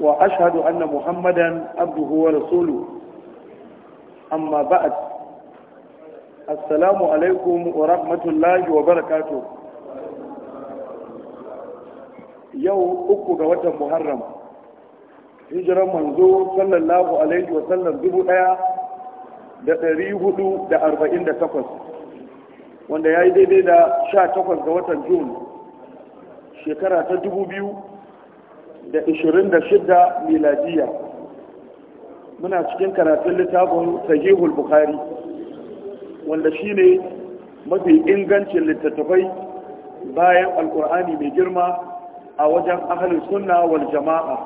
وأشهد أن محمدا عبده ورسوله أما بعد السلام عليكم ورحمة الله وبركاته yau uku ga watan muharram hijiran manzo sallallahu alaihi wasallam dubu daya da dari hudu da arba'in da takwas wanda ya yi daidai da sha takwas ga watan jun shekara ta dubu biyu da 26 miladiya muna cikin karatun littafin sahihul bukhari wanda shi ne mafi ingancin littattafai bayan alkur'ani mai girma a wajen ahalin sunna wal jama'a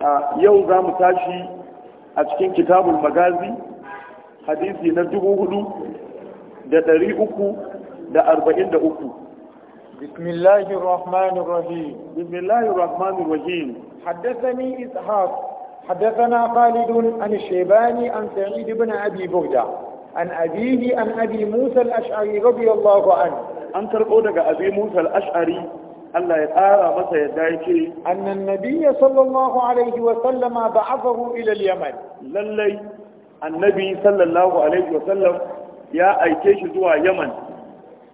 a yau za mu tashi a cikin kitabul magazi hadisi na dubu hudu da ɗari uku da arba'in da uku بسم الله الرحمن الرحيم بسم الله الرحمن الرحيم حدثني إسحاق حدثنا خالد عن الشيباني عن سعيد بن أبي بردة عن أبيه عن أبي موسى الأشعري رضي الله عنه أن ترقوا أبي موسى الأشعري Allah ya tsara masa ya dace annan nabiyya sallallahu alaihi wa sallama ba'athahu ila al-yaman lallai annabi sallallahu alaihi wa sallam ya aike shi zuwa yaman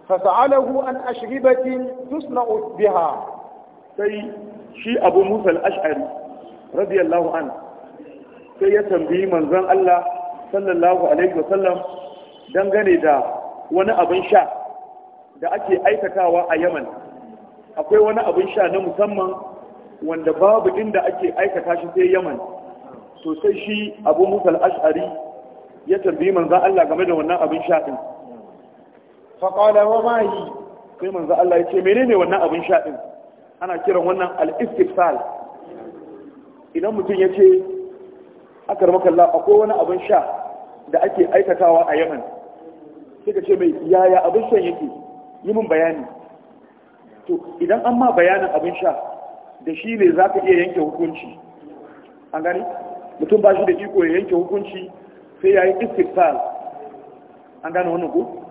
fasa'alahu an ashribatin tusna'u biha sai shi abu musa al-ash'ari radiyallahu an sai ya tambayi manzon Allah sallallahu alaihi wasallam dangane da wani abin sha da ake aikatawa a Yaman akwai wani abin sha na musamman wanda babu inda ake aikata shi sai Yaman to sai shi abu musa al-ash'ari ya tambayi manzon Allah game da wannan abin sha faƙala wa ma yi sai manzo Allah ya ce menene wannan abin sha din ana kiran wannan al-istifsal idan mutum ya ce aka kalla a akwai wani abin sha da ake aikatawa a Yemen sai ka ce mai yaya abin shan yake yi min bayani to idan an ma bayanin abin sha da shi ne za ka iya yanke hukunci an gani mutum ba shi da iko ya yanke hukunci sai ya yi istifsal an gane wannan ku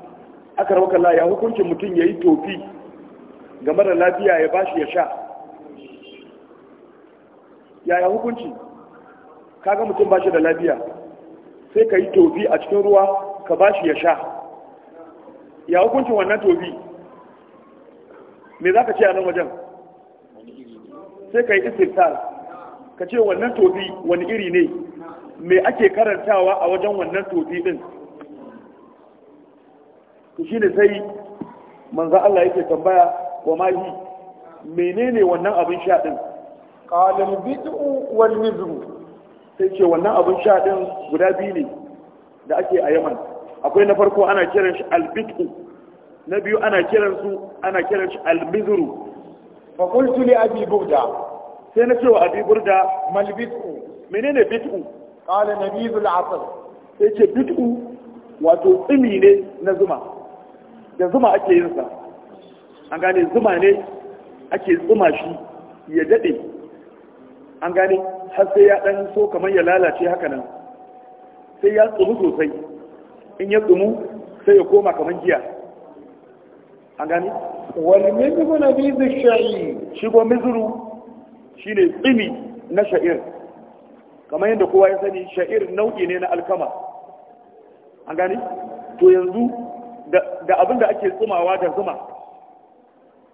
aka rauka la ya hukuncin mutum ya yi tofi ga mara lafiya ya ba shi ya sha yaya hukunci kaga mutum ba shi da lafiya sai ka yi tofi a cikin ruwa ka ba shi ya sha ya hukuncin wannan tofi me za ka ce a nan wajen sai ka yi istirtar ka ce wannan tofi wani iri ne me ake karantawa a wajen wannan tofi din to ne sai manzo Allah yake tambaya wa ma hi menene wannan abin sha ɗin? qalil bid'u wal mizru sai ce wannan abin sha ɗin guda biyu ne da ake a Yaman akwai na farko ana kiran shi al bid'u na biyu ana kiran su ana kiran shi al mizru fa qultu li abi burda sai na ce wa abi burda mal bid'u menene bid'u qala nabizul asal sai ce bid'u wato tsimi ne na zuma da zuma ake yin sa an gane zuma ne ake zuma shi ya dade an gane har sai ya dan so kamar ya lalace haka nan sai ya tsumu sosai in ya tsumu sai ya koma kamar giya an gane wal mizru na bizu sha'i shi ko mizru shine tsimi na sha'ir kamar yadda kowa ya sani sha'ir nau'i ne na alkama an gane to yanzu da abin da ake tsumawa da zuma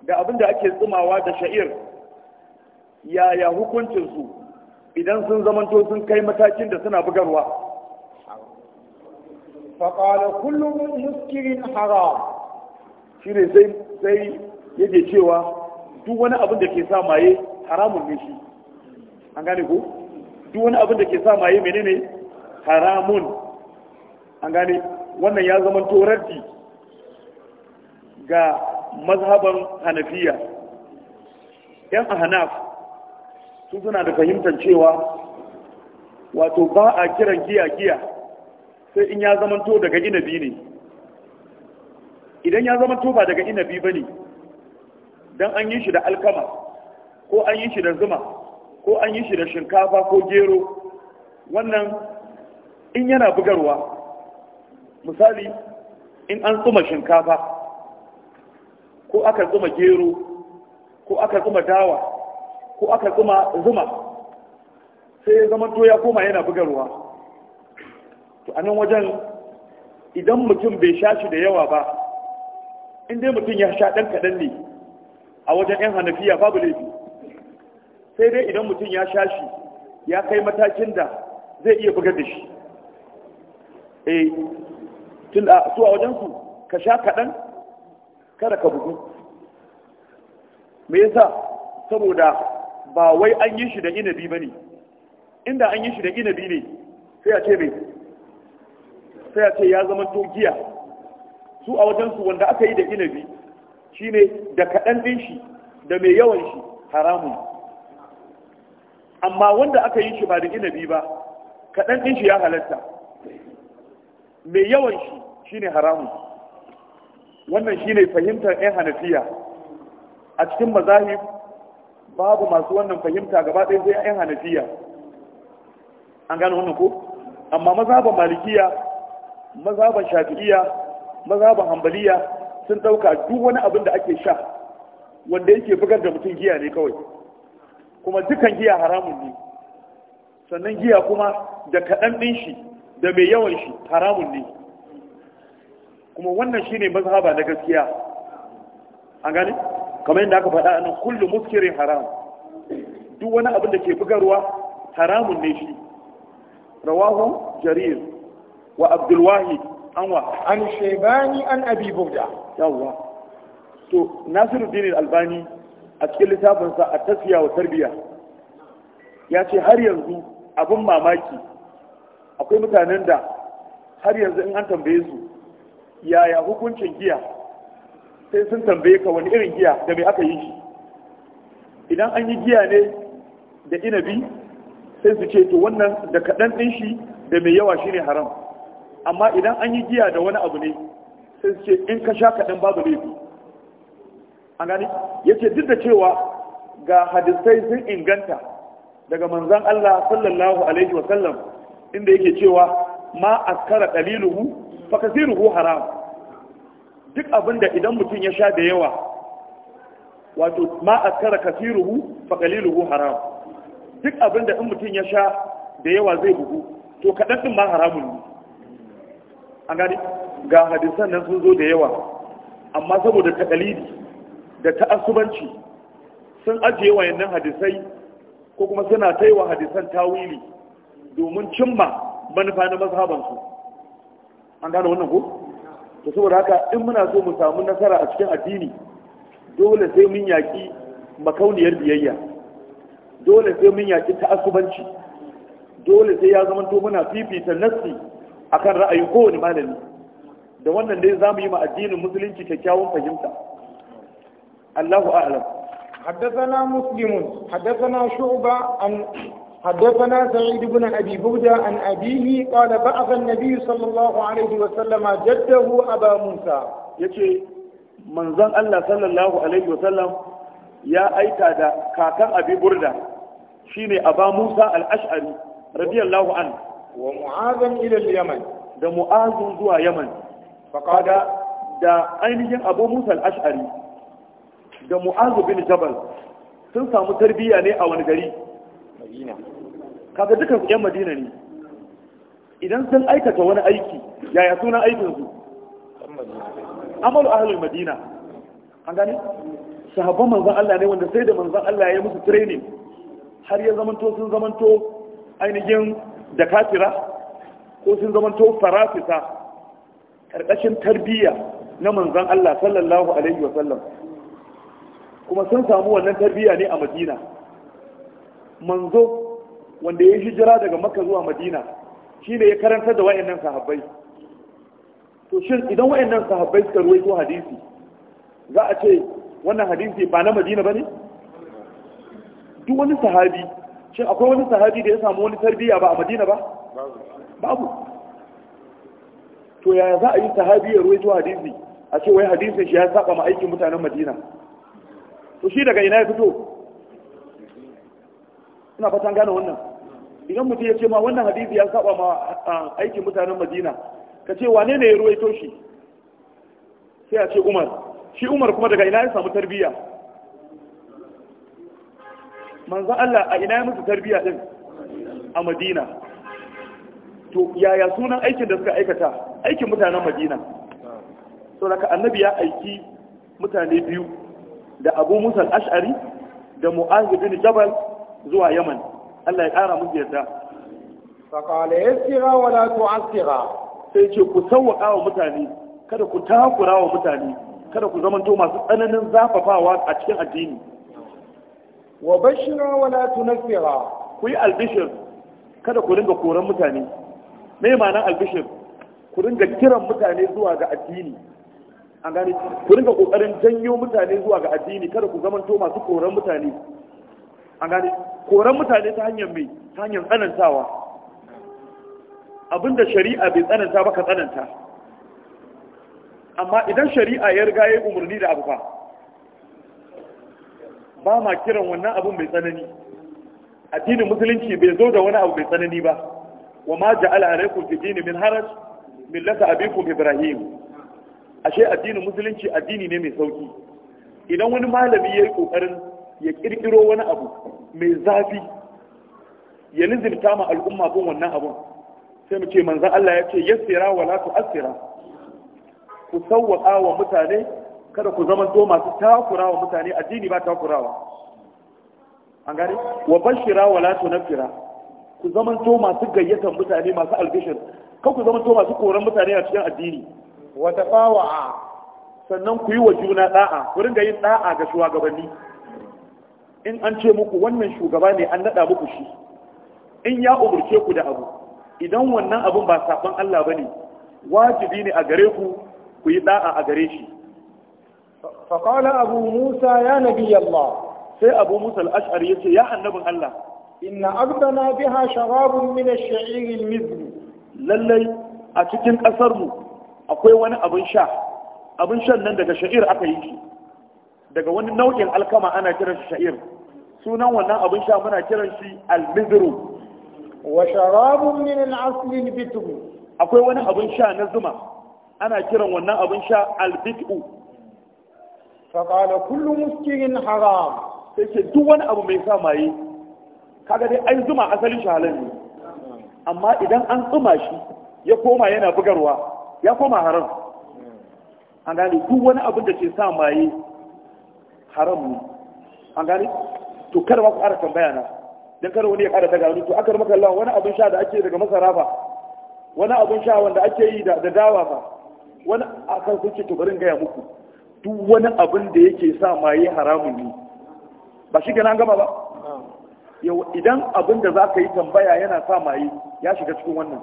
da abin da ake tsumawa da sha'ir yaya hukuncinsu idan sun zamanto sun kai matakin da suna bugarwa faƙala kullum muskirin haram shi ne sai yake cewa duk wani abin da ke sa maye haramun ne shi an gane ko duk wani abin da ke sa maye menene haramun an gane wannan ya zama to raddi ga mazhaban hanafiya yan ahnaf su suna da fahimtar cewa wato ba a kiran giya giya sai in ya zamanto daga inabi ne idan ya zamanto ba daga inabi ba ne don an yi shi da alkama ko an yi shi da zuma ko an yi shi da shinkafa ko gero wannan in yana bugarwa misali in an tsuma shinkafa ko aka zuma gero ko aka zuma dawa ko aka tsuma zuma sai ya zama ya koma yana bugarwa to a nan wajen idan mutum bai sha shi da yawa ba in dai mutum ya sha ɗan kaɗan ne a wajen 'yan hanafiya babu laifi sai dai idan mutum ya sha shi ya kai matakin da zai iya buga da shi eh tun a su a ka sha kaɗan kada ka bugu me yasa saboda ba wai an yi shi da inabi bane inda an yi shi da inabi ne sai a ce me sai a ce ya zama togiya su a wajen su wanda aka yi da inabi shine da kaɗan ɗin shi da mai yawan shi haramun amma wanda aka yi shi ba da inabi ba kaɗan ɗin shi ya halatta mai yawan shi shine haramun wannan shine fahimtar ɗan hanafiya a cikin mazahib babu masu wannan fahimta gaba ɗaya sai ɗan hanafiya an gane wannan ko amma mazhaban malikiya mazhaban shafi'iya mazhaban hambaliya sun ɗauka duk wani abin da ake sha wanda yake bugar da mutum giya ne kawai kuma dukan giya haramun ne sannan giya kuma da kaɗan ɗin shi da mai yawan shi haramun ne kuma wannan shine mazhaba na gaskiya an gane kamar yadda aka faɗa nan kullu muskirin haram duk wani abin da ke bugarwa haramun ne shi rawahu jarir wa abdul wahid anwa an shaybani an abi burda yawa to nasiruddin albani a cikin littafinsa a tafiya wa tarbiya ya ce har yanzu abin mamaki akwai mutanen da har yanzu in an tambaye su yaya hukuncin giya sai sun tambaye ka wani irin giya da mai aka yi shi idan an yi giya ne da inabi sai su ce to wannan da kaɗan ɗin shi da mai yawa shi ne haram amma idan an yi giya da wani abu ne sai su ce in ka sha kaɗan babu laifi an gani ya ce duk da cewa ga hadisai sun inganta daga manzan Allah sallallahu alaihi wasallam inda yake cewa ma askara daliluhu fa kasiruhu haram duk abinda idan mutum ya sha da yawa wato ma askara kasiruhu Fakalilu qaliluhu haram duk abinda in mutum ya sha da yawa zai bugu to kadan din ma haramun ne an gani ga hadisan nan sun zo da yawa amma saboda takalidi da ta'assubanci sun ajiye wayannan hadisai ko kuma suna taiwa hadisan tawili domin cimma manufa na mazhabansu an gane wannan ko to saboda haka in muna so mu samu nasara a cikin addini dole sai mun yaki makauniyar biyayya dole sai mun yaki ta'assubanci dole sai ya zama to muna fifita nassi akan ra'ayin kowane malami da wannan dai zamu yi ma addinin musulunci kyakkyawan fahimta Allahu a'lam حدثنا مسلم حدثنا شعبة عن حدثنا سعيد بن أبي بودة عن أبيه قال بعث النبي صلى الله عليه وسلم جده أبا موسى يكي من ظن الله صلى الله عليه وسلم يا أيتا دا كاكا أبي بردة شيني أبا موسى الأشعري رضي الله عنه ومعاذا إلى اليمن da mu'azu zuwa yaman faƙada da ainihin abu musa al'ashari da mu'azu bin jabal sun samu tarbiyya ne a wani gari madina kaga dukan su yan madina ne idan sun aikata wani aiki yaya sunan aikin su amalu ahlul madina an gane sahabban manzon Allah ne wanda sai da manzon Allah ya musu training har ya zamanto sun zamanto ainihin da kafira ko sun zamanto farafisa karkashin tarbiyya na manzon Allah sallallahu alaihi wa sallam kuma sun samu wannan tarbiyya ne a Madina manzo wanda ya hijira daga makka zuwa madina ne ya karanta da wayannan sahabbai to shin idan wayannan sahabbai suka ruwaito hadisi za a ce wannan hadisi ba na madina bane duk wani sahabi shin akwai wani sahabi da ya samu wani tarbiyya ba a madina ba babu to yaya za a yi sahabi ya ruwaito hadisi a ce wai hadisin shi ya saba ma aikin mutanen madina to shi daga ina ya fito suna fatan gane wannan idan mutum ya ce ma wannan hadisi ya saba ma aikin mutanen madina ka ce wane ne ya ito shi sai a ce umar shi umar kuma daga ina ya samu tarbiyya manzan allah a ina ya musu tarbiyya din a madina to yaya sunan aikin da suka aikata aikin mutanen madina sau da ka annabi ya aiki mutane biyu da abu musa ash'ari da mu'az bin jabal zuwa yaman Allah ya ƙara musu yarda faƙala yassira wala tu'assira sai ce ku sauwaƙa wa mutane kada ku takura wa mutane kada ku to masu tsananin zafafawa a cikin addini wa bashira wala tsira. ku yi albishir kada ku ringa koran mutane me ma'ana albishir ku ringa kiran mutane zuwa ga addini an gane ku ringa kokarin janyo mutane zuwa ga addini kada ku to masu koran mutane an gane koran mutane ta hanyar mai ta hanyar tsanantawa abinda shari'a bai tsananta ba ka tsananta amma idan shari'a ya riga ya umarni da abu ba ba ma kiran wannan abin mai tsanani addinin musulunci bai zo da wani abu mai tsanani ba wa ma ja'ala alaikum fi dini min haraj millata abikum ibrahim ashe addinin musulunci addini ne mai sauki idan wani malami ya yi kokarin ya kirkiro wani abu mai zafi ya lizimta ma al'umma bin wannan abun sai mu ce manzan Allah ya ce yassira wa la tu'assira ku sawwaka wa mutane kada ku zama to masu takurawa mutane addini ba takurawa an gane wa bashira wa la tunfira ku zama to masu gayyatar mutane masu albishir kan ku zama to masu koran mutane a cikin addini wa tafawa sannan ku yi wa juna da'a ku ringa yin da'a ga shugabanni in an ce muku wannan shugaba ne an naɗa muku shi in ya umurce ku da abu idan wannan abun ba saɓon Allah ba ne wajibi ne a gare ku ku yi ɗa'a a gare shi faƙala abu musa ya nabi Allah sai abu musa al'ashari ya ce ya annabin Allah inna abdana biha sharabun min ash-sha'iril mizn lallai a cikin ƙasarmu akwai wani abin sha abin shan nan daga sha'ir aka yi shi daga wani nau'in alkama ana kiran shi sha'ir sunan wannan abin sha muna kiran shi Al-Mizru. wa sharabun min al asl bitum akwai wani abin sha na zuma ana kiran wannan abin sha al-bitu fa qala kullu muskirin haram sai duk wani abu mai sa maye kaga dai ai zuma asalin shi halal ne amma idan an tsuma shi ya koma yana bugarwa ya koma haram hmm. an gane duk wani abin da ke sa maye haram ne an gane to kada ma ku ara tambaya na dan kada wani ya ƙara daga wani to aka maka Allah wani abin sha da ake daga masara ba wani abin sha wanda ake yi da dawa ba wani akan kuke to bari gaya muku duk wani abin da yake sa maye haramun ne ba shi gana gama ba yau idan abin da za ka yi tambaya yana sa maye ya shiga cikin wannan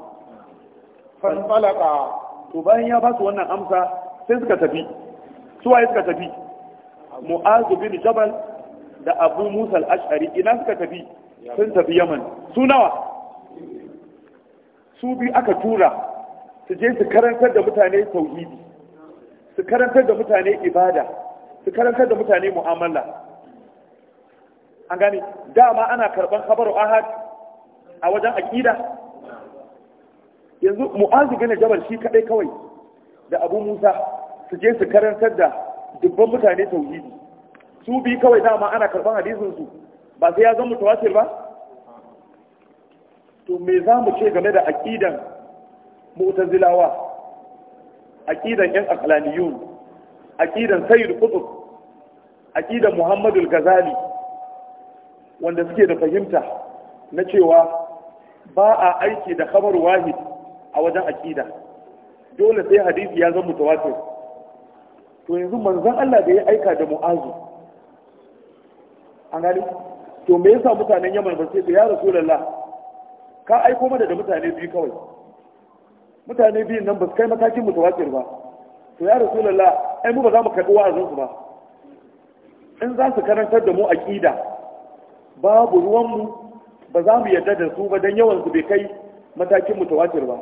balaka. to bayan ya ba su wannan amsa sai suka tafi suwaye suka tafi mu'azu bin jabal da abu musa al-ash'ari ina suka tafi sun tafi yaman su nawa su bi aka tura su je su karantar da mutane tauhidi su karantar da mutane ibada su karantar da mutane mu'amala an gane dama ana karban khabaru ahad a wajen aqida yanzu mu'azu bin jabal shi kadai kawai da abu musa su je su karantar da dubban mutane tauhidi su bi kawai dama ana karban hadisin su ba sai ya zama tawasir ba to me za mu ce game da aqidan mu'tazilawa aqidan yan aqlaniyun aqidan sayyid qutb aqidan muhammadul Gazali, wanda suke da fahimta na cewa ba a aiki da khabar wahid a wajen aqida dole sai hadisi ya zama mutawatir to yanzu manzan Allah da ya aika da mu'azu an gani to me yasa mutanen yaman ba sai ya rasulullah ka aiko mana da mutane biyu kawai mutane biyun nan ba su kai matakin mutawatir ba to ya rasulullah ai mu ba za mu karɓi wa'azin su ba in za su karantar da mu aqida babu ruwanmu ba za mu yarda da su ba dan yawan su bai kai matakin mutawatir ba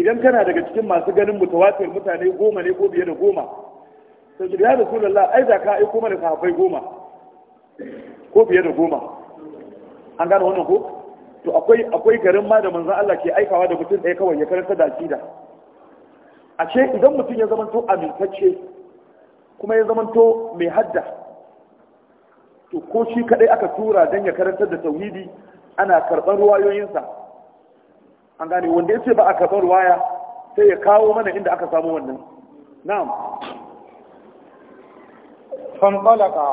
idan kana daga cikin masu ganin mutawatir mutane goma ne ko biye da goma sai shi ya rasulullah ai da ka aiko mana sahabbai goma ko biye da goma an gano wannan ko to akwai akwai garin ma da manzon Allah ke aikawa da mutum ɗaya kawai ya karanta da akida ce idan mutum ya zamanto amintacce kuma ya zamanto mai hadda to ko shi kadai aka tura dan ya karanta da tauhidi ana karɓar ruwayoyinsa an gane wanda ya ce ba a karɓar waya sai ya kawo mana inda aka samu wannan na'am fanɓalaka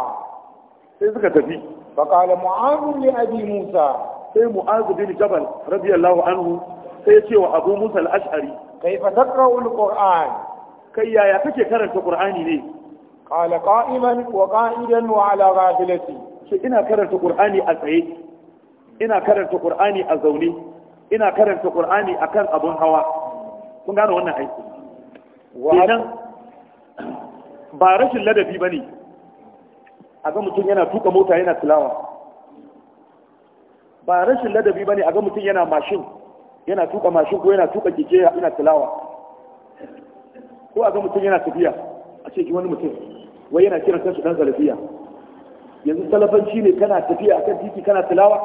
sai suka tafi faƙala mu'azun li abi musa sai mu'azu bin jabal radiyallahu anhu sai ya ce wa abu musa al-ash'ari kaifa taqra'ul qur'an kai yaya kake karanta qur'ani ne qala qa'iman wa qa'idan wa ala ghafilati ina karanta qur'ani a tsaye ina karanta qur'ani a zaune ina karanta qur'ani akan abun hawa kun gane wannan aiki wannan ba rashin ladabi bane a ga mutum yana tuka mota yana tilawa ba rashin ladabi bane a ga mutum yana mashin yana tuka mashin ko yana tuka keke yana tilawa ko a ga mutum yana tafiya a ce wani mutum wai yana kiran kansa dan salafiya yanzu salafanci ne kana tafiya akan titi kana tilawa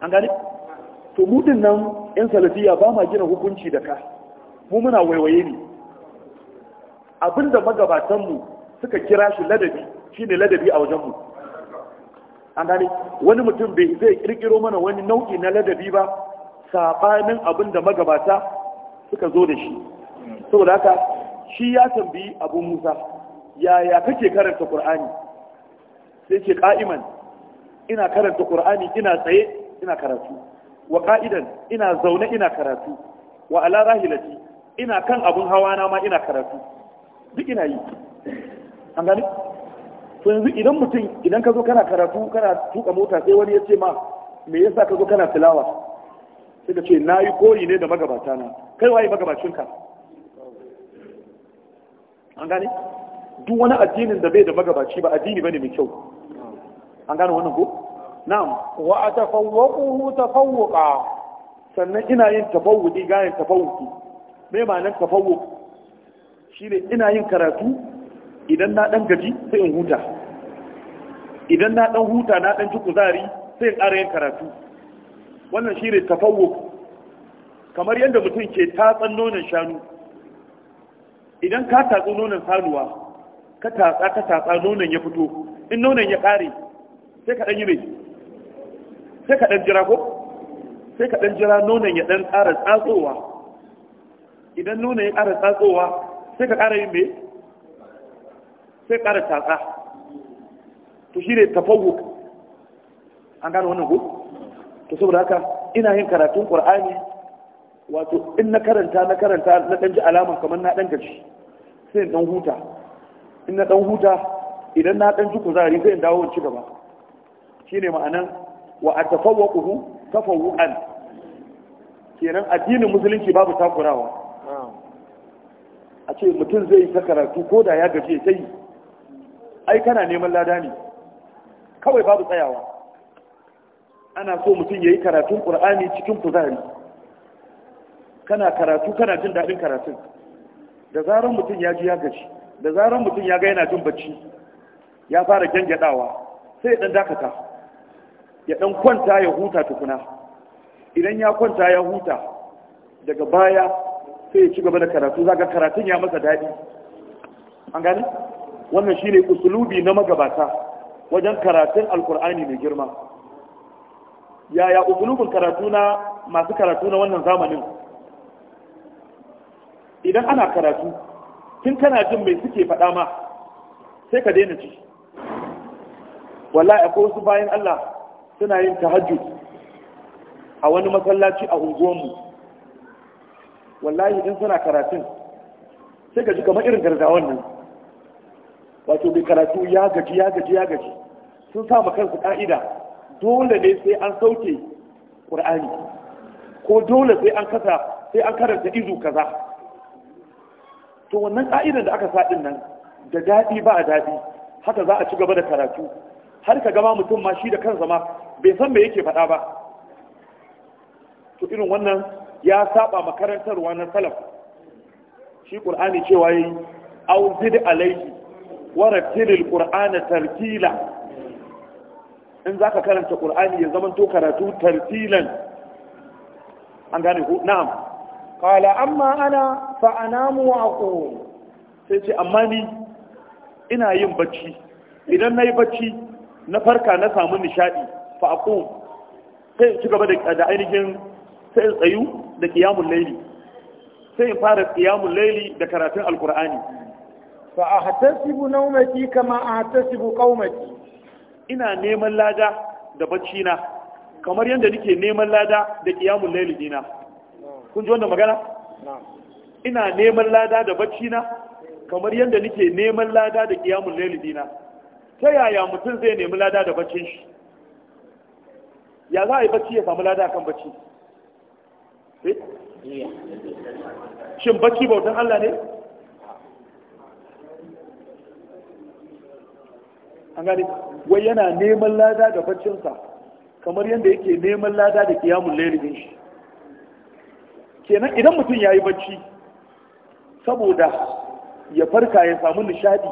an gani to mu nan yan salafiya ba ma gina hukunci da ka mu muna waiwaye ne abinda magabatanmu suka kira shi ladabi shine ladabi a wajenmu an gane wani mutum bai zai kirkiro mana wani nau'i na ladabi ba sabanin abinda magabata suka zo da shi saboda haka shi ya tambayi abu musa yaya kake karanta qur'ani sai ce ka'iman ina karanta qur'ani ina tsaye ina karatu wa qa'idan ina zaune ina karatu wa ala rahilati ina kan abun hawa na ma ina karatu duk ina yi an gani to yanzu idan mutum idan ka zo kana karatu kana tuka mota sai wani ya ce ma me yasa ka zo kana tilawa sai ka ce na yi koyi ne da magabata na kai waye magabacinka an gani? duk wani addinin da bai da magabaci ba addini bane mai kyau an gane wannan ko na'am wa atafawwaquhu tafawwuqa sannan ina yin tafawwudi gayin tafawwuki me ma'anar tafawwuk ne ina yin karatu idan na ɗan gaji sai in huta idan na ɗan huta na ɗan ci kuzari sai in ƙara yin karatu wannan shi ne tafawwuk kamar yadda mutum ke tatsan nonon shanu idan ka tatsi nonon sanuwa ka tatsa ka tatsa nonon ya fito in nonon ya ƙare sai ka ɗan yi mai sai ka ɗan jira ko sai ka ɗan jira nonon ya ɗan ƙara tsatsowa idan nonon ya ƙara tsatsowa sai ka ƙara yin mai sai ƙara tsatsa to shi ne tafawo an gano wannan ku to saboda haka ina yin karatun ƙur'ani wato in na karanta na karanta na ɗan ji alama kamar na ɗan gaji sai in ɗan huta in na ɗan huta idan na ɗan ji kuzari sai in dawo in ci gaba shi ne ma'anan wa atafawwaquhu tafawwuan kenan addinin musulunci babu takurawa a ce mutum zai yi ta karatu ko da ya gaje ta yi ai kana neman lada ne kawai babu tsayawa ana so mutum ya yi karatun ƙur'ani cikin kuzari kana karatu kana jin daɗin karatun da zarar mutum ya ji ya gaji da zarar mutum ya ga yana jin bacci ya fara gyangyaɗawa sai ya ɗan dakata ya dan kwanta ya huta tukuna idan ya kwanta ya huta daga baya sai ya ci gaba da karatu zaga karatun ya masa daɗi an gani wannan shine usulubi na magabata wajen karatun alkur'ani mai girma yaya usulubin karatu na masu karatu na wannan zamanin idan ana karatu tun kana jin mai suke faɗa ma sai ka daina ci wallahi akwai wasu bayan Allah suna yin tahajjud a wani masallaci a unguwanmu wallahi in suna karatun sai gaji kamar irin gargawan nan wato bai karatu ya gaji ya gaji ya gaji sun sa kansu ka'ida dole ne sai an sauke ƙur'ani ko dole sai an kasa sai an karanta izu kaza to wannan ka'idar da aka sa nan da daɗi ba a daɗi haka za a ci gaba da karatu har ka gama mutum ma shi da kansa ma bai san mai yake faɗa ba to irin wannan ya saba makarantarwa na salaf shi ƙul'ani cewa yi auzid alaihi wa rattilil tartila in za ka karanta ƙul'ani ya zama to karatu tartilan an gane ku na'am Kala. amma ana fa anamu wa sai ce amma ni ina yin bacci idan na yi bacci na farka na samu nishaɗi. fa aqum sai in ci gaba da ainihin sai in tsayu da qiyamul laili, sai in fara qiyamul laili da karatun alqur'ani fa ahtasibu nawmati kama a ahtasibu qaumati ina neman lada da bacci na kamar yadda nike neman lada da qiyamul laili dina kun ji wannan magana ina neman lada da bacci na kamar yadda nike neman lada da qiyamul laili dina ta yaya mutum zai nemi lada da baccin shi ya za a yi bacci ya samu lada kan bacci eh? shin bacci bautan Allah ne an gani wai yana neman lada da baccinsa kamar yadda yake neman lada da kiyamun lailin shi kenan idan mutum ya yi bacci saboda ya farka ya samu nishadi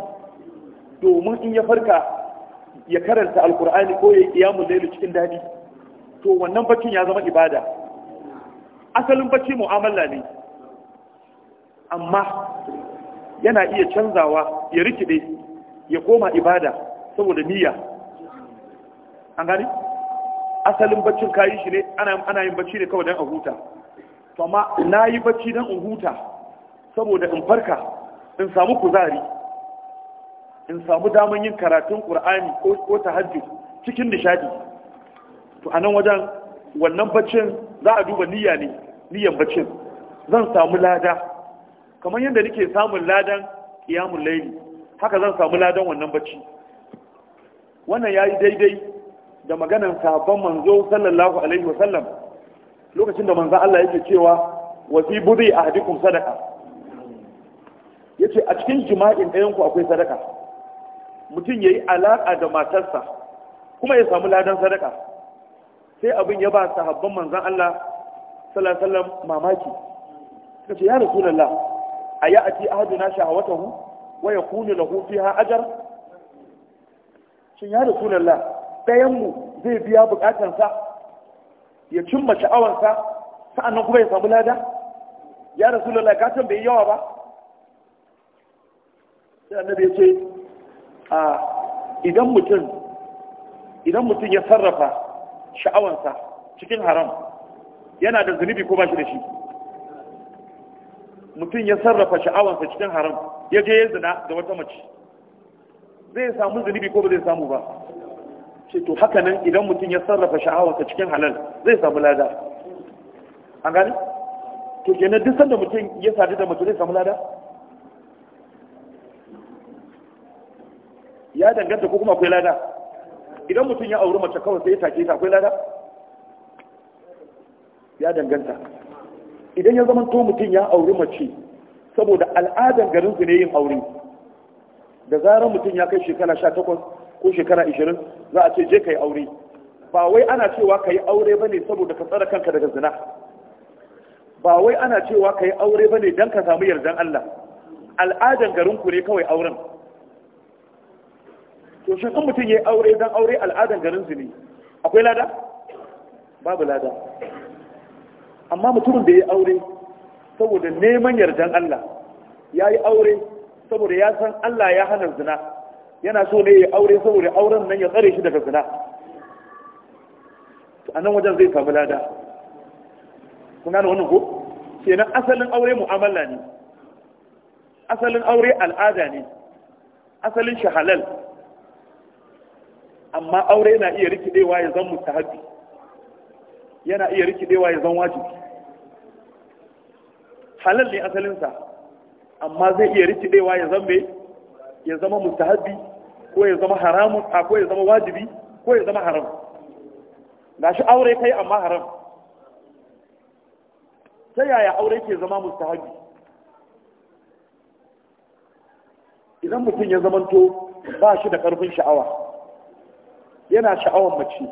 domin in ya farka ya karanta alkur'ani ko ya kiyamun lailin cikin daɗi to wannan baccin ya zama ibada asalin bacci mu'amala ne amma yana iya canzawa ya rikide ya koma ibada saboda niyya an gani asalin baccin kayi shi ne ana yin bacci ne kawai don a huta to amma na yi bacci don in huta saboda in farka in samu kuzari in samu daman yin karatun ƙur'ani ko tahajjud cikin nishadi to a nan wajen wannan baccin za a duba niyya ne niyyan baccin zan samu lada kamar yadda nake samun ladan kiyamun laili haka zan samu ladan wannan bacci wannan ya yi daidai da maganan sabon manzo sallallahu alaihi wasallam lokacin da manzo Allah yake cewa fi budi ahdikum sadaka yace a cikin jima'in ɗayan ku akwai sadaka mutum yayi alaka da matarsa kuma ya samu ladan sadaka sai abin ya ba sahabban manzan Allah sallallahu alaihi wasallam mamaki suka ce ya rasulullah aya ati ahaduna shahawatahu wa yakunu lahu fiha ajr shin ya rasulullah dayan mu zai biya bukatansa ya cimma sha'awansa sa'annan kuma ya samu lada ya rasulullah ka san bai yawa ba sai annabi ya ce a idan mutum idan mutum ya sarrafa sha'awansa cikin haram yana da zunubi ko ba shi da shi mutum ya sarrafa sha'awansa cikin haram ya je ya zina da wata mace zai samu zunubi ko ba zai samu ba ce to haka nan idan mutum ya sarrafa sha'awansa cikin halal zai samu lada an gani to kenan duk sanda mutum ya sadu da mace zai samu lada ya danganta ko kuma akwai lada idan mutum ya auri mace kawai sai ya take ta akwai lada ya danganta idan ya zama to mutum ya auri mace saboda al'adan garin su ne yin aure da zarar mutum ya kai shekara 18 ko shekara 20 za a ce je kai aure ba wai ana cewa kai aure bane saboda ka tsara kanka daga zina ba wai ana cewa kai aure bane dan ka samu yardan Allah al'adan garin ku ne kawai auren to shi in mutum ya yi aure don aure al'adan garin su ne akwai lada babu lada amma mutumin da ya yi aure saboda neman yardan Allah ya yi aure saboda ya san Allah ya hana zina yana so ne ya aure saboda auren nan ya tsare shi daga zina a nan wajen zai samu lada Kuna gane wani ko kenan asalin aure mu'amala ne asalin aure al'ada ne asalin shahalal. halal amma aure na iya rikidewa ya zan mustahabi yana iya rikidewa ya zan wajibi halal ne asalinsa amma zai iya rikidewa ya zan ya zama mustahabi ko ya zama haramun a ko ya zama wajibi ko ya zama haram Ga shi aure kai amma haram ta yaya aure ke zama mustahabi idan mutum ya zamanto ba shi da ƙarfin sha'awa yana sha'awar mace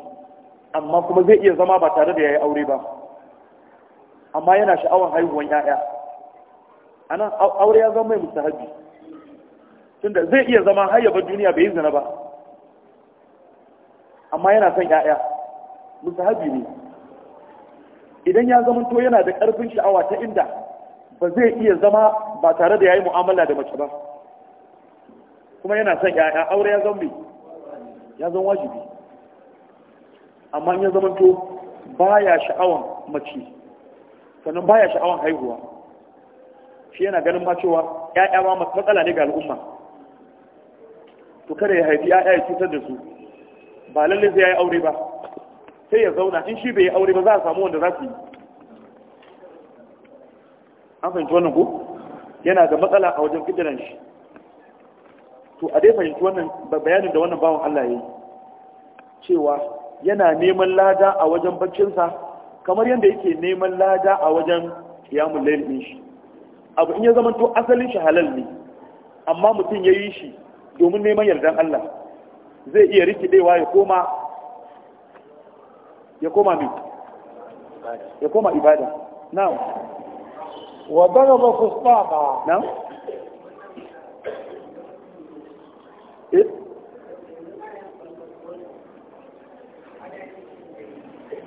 amma kuma zai iya zama ba tare da ya yi aure ba amma yana sha'awar haihuwan 'ya'ya a nan aure ya zama mai mustahabi tunda zai iya zama har yaba duniya bai yi zina ba amma yana son 'ya'ya mustahabi ne idan ya zama to yana da ƙarfin sha'awa ta inda ba zai iya zama ba tare da ya yi mu'amala da mace ba kuma yana son 'ya'ya aure ya zama mai ya zama wajibi amma ya zamanto baya sha'awan mace sannan baya sha'awan haihuwa shi yana ganin ma cewa ƴaƴa ma matsala ne ga al'umma to kada ya haifi ƴaƴa ya cutar da su ba lalle sai ya yi aure ba sai ya zauna in shi bai yi aure ba za a samu wanda za su yi an fahimci wannan ko yana da matsala a wajen fitinan shi to a dai fahimci wannan bayanin da wannan bawan Allah ya yi cewa yana neman lada a wajen baccinsa kamar yadda yake neman lada a wajen kiyamun lail shi abu in ya zama to asalin shi halal ne amma mutum ya yi shi domin neman yardan Allah zai iya rikidewa ya koma ya koma mai ya koma ibada na'am wa daraba fustaba na?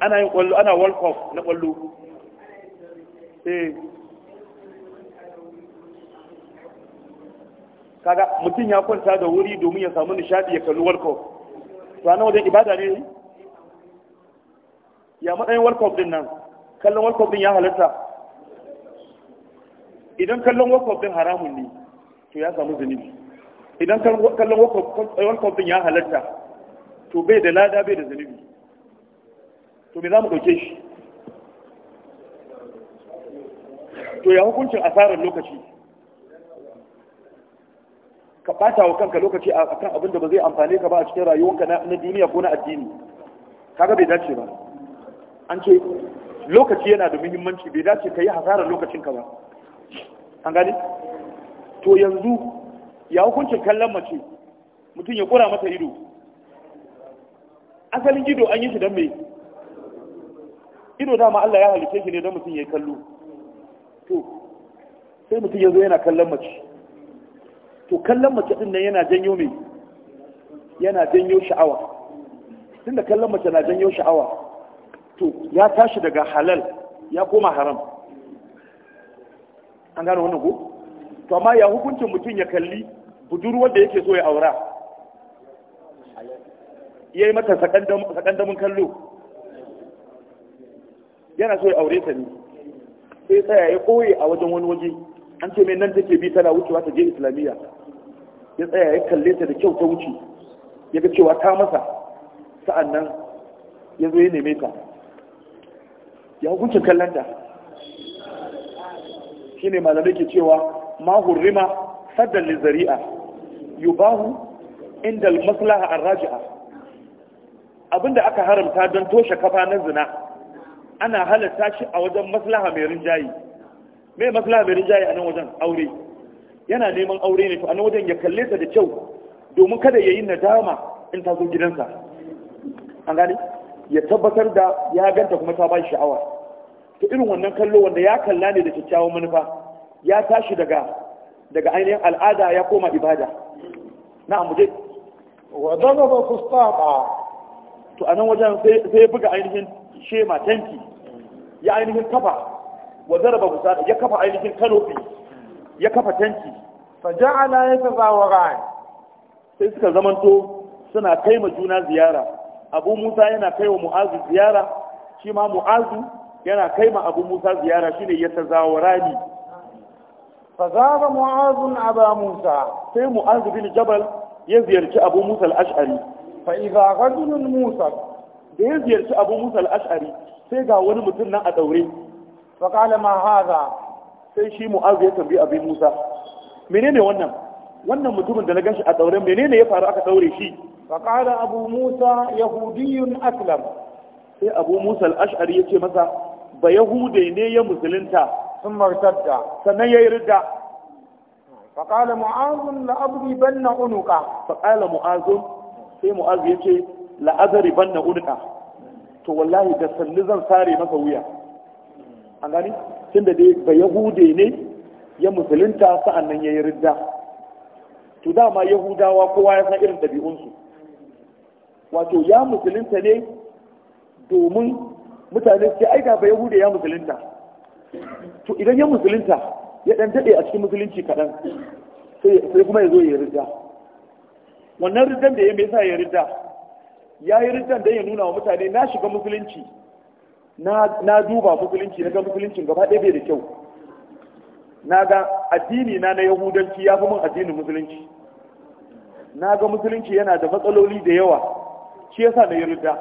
ana yin kwallo ana world cup na kwallo eh. kaga mutum ya kwanta da wuri domin ya samu nishadi ya kalli world cup to ana wajen ibada ne ya matsayin world cup din nan kallon world cup din ya halatta idan kallon world cup din haramun ne to ya samu zunubi idan kallon world cup din ya halatta to bai da lada bai da zunubi to me za mu ɗauke shi to ya hukuncin asarar lokaci ka ɓata wa kanka lokaci a kan abin da ba zai amfane ka ba a cikin rayuwanka na duniya ko na addini kaga bai dace ba an ce lokaci yana da muhimmanci bai dace ka yi hasarar lokacinka ba an gani to yanzu ya hukuncin kallon mace mutum ya kura mata ido asalin ido an yi shi don mai ido dama Allah ya halice shi ne don mutum ya yi kallo to sai mutum ya zo yana kallon mace to kallon mace din nan yana janyo mai yana janyo sha'awa tunda kallon mace na janyo sha'awa to ya tashi daga halal ya koma haram an gano wannan ko to amma ya hukuncin mutum ya kalli budurwar da yake so ya aura ya yi mata sakandamin kallo yana so ya aure ta ne sai sai ya koye a wajen wani waje an ce mai nan take bi tana wucewa ta je islamiyya ya tsaya ya kalle ta da kyau ta wuce ya ga cewa ta masa sa'an nan ya zo ya neme ta ya hukuncin kallon ta shi ne malamai ke cewa ma hurrima saddan zari'a. yubahu inda maslaha an raji'a abinda aka haramta don toshe kafa na zina ana halatta shi a wajen maslaha mai rinjaye mai maslaha mai rinjaye a nan wajen aure yana neman aure ne to a nan wajen ya kalle ta da kyau domin kada ya yi nadama in ta zo gidansa an gane ya tabbatar da ya ganta kuma ta ba shi sha'awa to irin wannan kallo wanda ya kalla ne da kyakkyawan manufa ya tashi daga daga ainihin al'ada ya koma ibada na amuje wa dama ba to a nan wajen sai buga ainihin shema tanki ya ainihin kafa wa zaraba gusada ya kafa ainihin kanofi ya kafa tanki fa ja'ala yatazawaran sai suka zamanto suna kai ma juna ziyara abu musa yana kai wa mu'azu ziyara shi ma mu'azu yana kai ma abu musa ziyara shine yatazawarani fa zaba mu'azun aba musa sai mu'azu bin jabal ya ziyarci abu musa al-ash'ari fa idza rajulun musa da ya ziyarci abu musa al'ashari sai ga wani mutum nan a daure faƙala ma haza sai shi mu'az ya tambayi abin musa menene wannan wannan mutumin da na gashi a daure menene ya faru aka daure shi faƙala abu musa yahudiyun aslam sai abu musa al'ashari ya ce masa ba yahude ne ya musulunta sun martadda sannan ya yi ridda faƙala mu'azun la abdi banna unuka faƙala mu'azun sai mu'az ya ce la'azari ban na unuka to wallahi da salli zan sare masa wuya an gani tunda dai ba yahude ne ya musulunta sa'an nan ya yi ridda to dama yahudawa kowa ya san irin ɗabi'unsu wato ya musulunta ne domin mutane ce aika ba ba yahude ya musulunta to idan ya musulunta ya ɗan daɗe a cikin musulunci kaɗan sai kuma ya zo ya yi ridda wannan riddan da ya mai sa ya ridda ya yi riddan don ya nuna wa mutane na shiga musulunci na duba musulunci na ga musuluncin gaba ɗaya bai da kyau na ga addini na na yahudanci ya fi mun addinin musulunci na ga musulunci yana da matsaloli da yawa shi yasa na yi ridda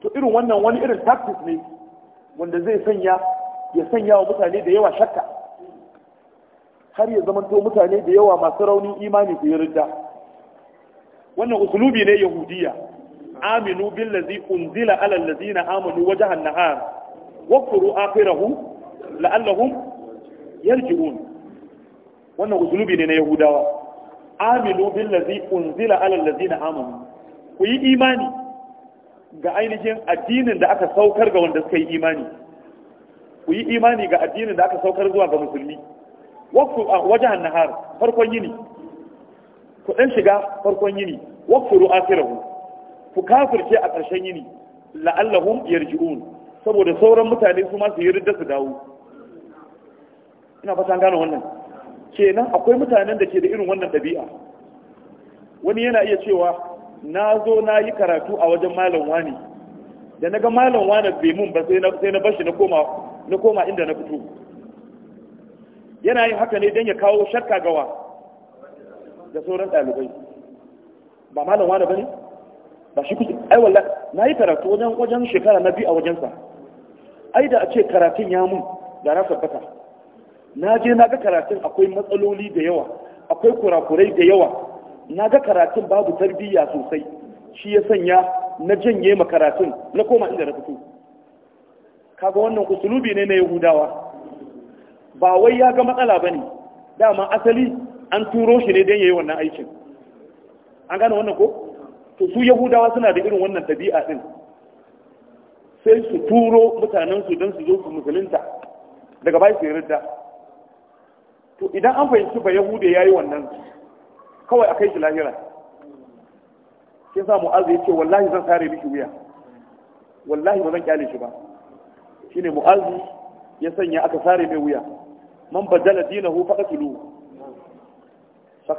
to irin wannan wani irin tactics ne wanda zai sanya ya sanya wa mutane da yawa shakka har ya zamanto mutane da yawa masu raunin imani su yi ridda wannan usulubi ne yahudiya aminu billazi unzila ala allazina amanu wajha an-nahar waqfuru akhirahu la'allahum yarji'un wannan usulubi ne na yahudawa aminu billazi unzila ala allazina amanu ku yi imani ga ainihin addinin da aka saukar ga wanda suka yi imani ku yi imani ga addinin da aka saukar zuwa ga musulmi wajen nahar farkon yini ku ɗan shiga farkon yini wakfuru akhirahu ku kafirce a ƙarshen yini la'allahum yarji'un saboda sauran mutane su ma su yi ridda su dawo ina an gane wannan kenan akwai mutanen da ke da irin wannan ɗabi'a wani yana iya cewa na zo na yi karatu a wajen malam wani da na ga malam wani bai mun ba sai na bashi na koma inda na fito yana yin haka ne don ya kawo shakka gawa da sauran ɗalibai ba malam wani ba ne ba shi kusa ai walla na yi karatu wajen wajen shekara na biyu a wajensa ai da a ce karatun ya mun da na tabbata na je na ga karatun akwai matsaloli da yawa akwai kurakurai da yawa na ga karatun babu tarbiyya sosai shi ya sanya na janye ma karatun na koma inda na fito kaga wannan usulubi ne na yahudawa ba wai ya ga matsala bane dama asali an turo shi ne don yayi wannan aikin an gane wannan ko to su yahudawa suna da irin wannan ɗabi'a ɗin sai su turo mutanensu don su zo su musulunta daga bai su yarda to idan an fahimci ba yahude ya yi wannan kawai a kai shi lahira sai sa mu'azu ya ce wallahi zan sare miki wuya wallahi ba zan kyale shi ba shine mu'azu ya sanya aka sare mai wuya man badala dinahu faqatulu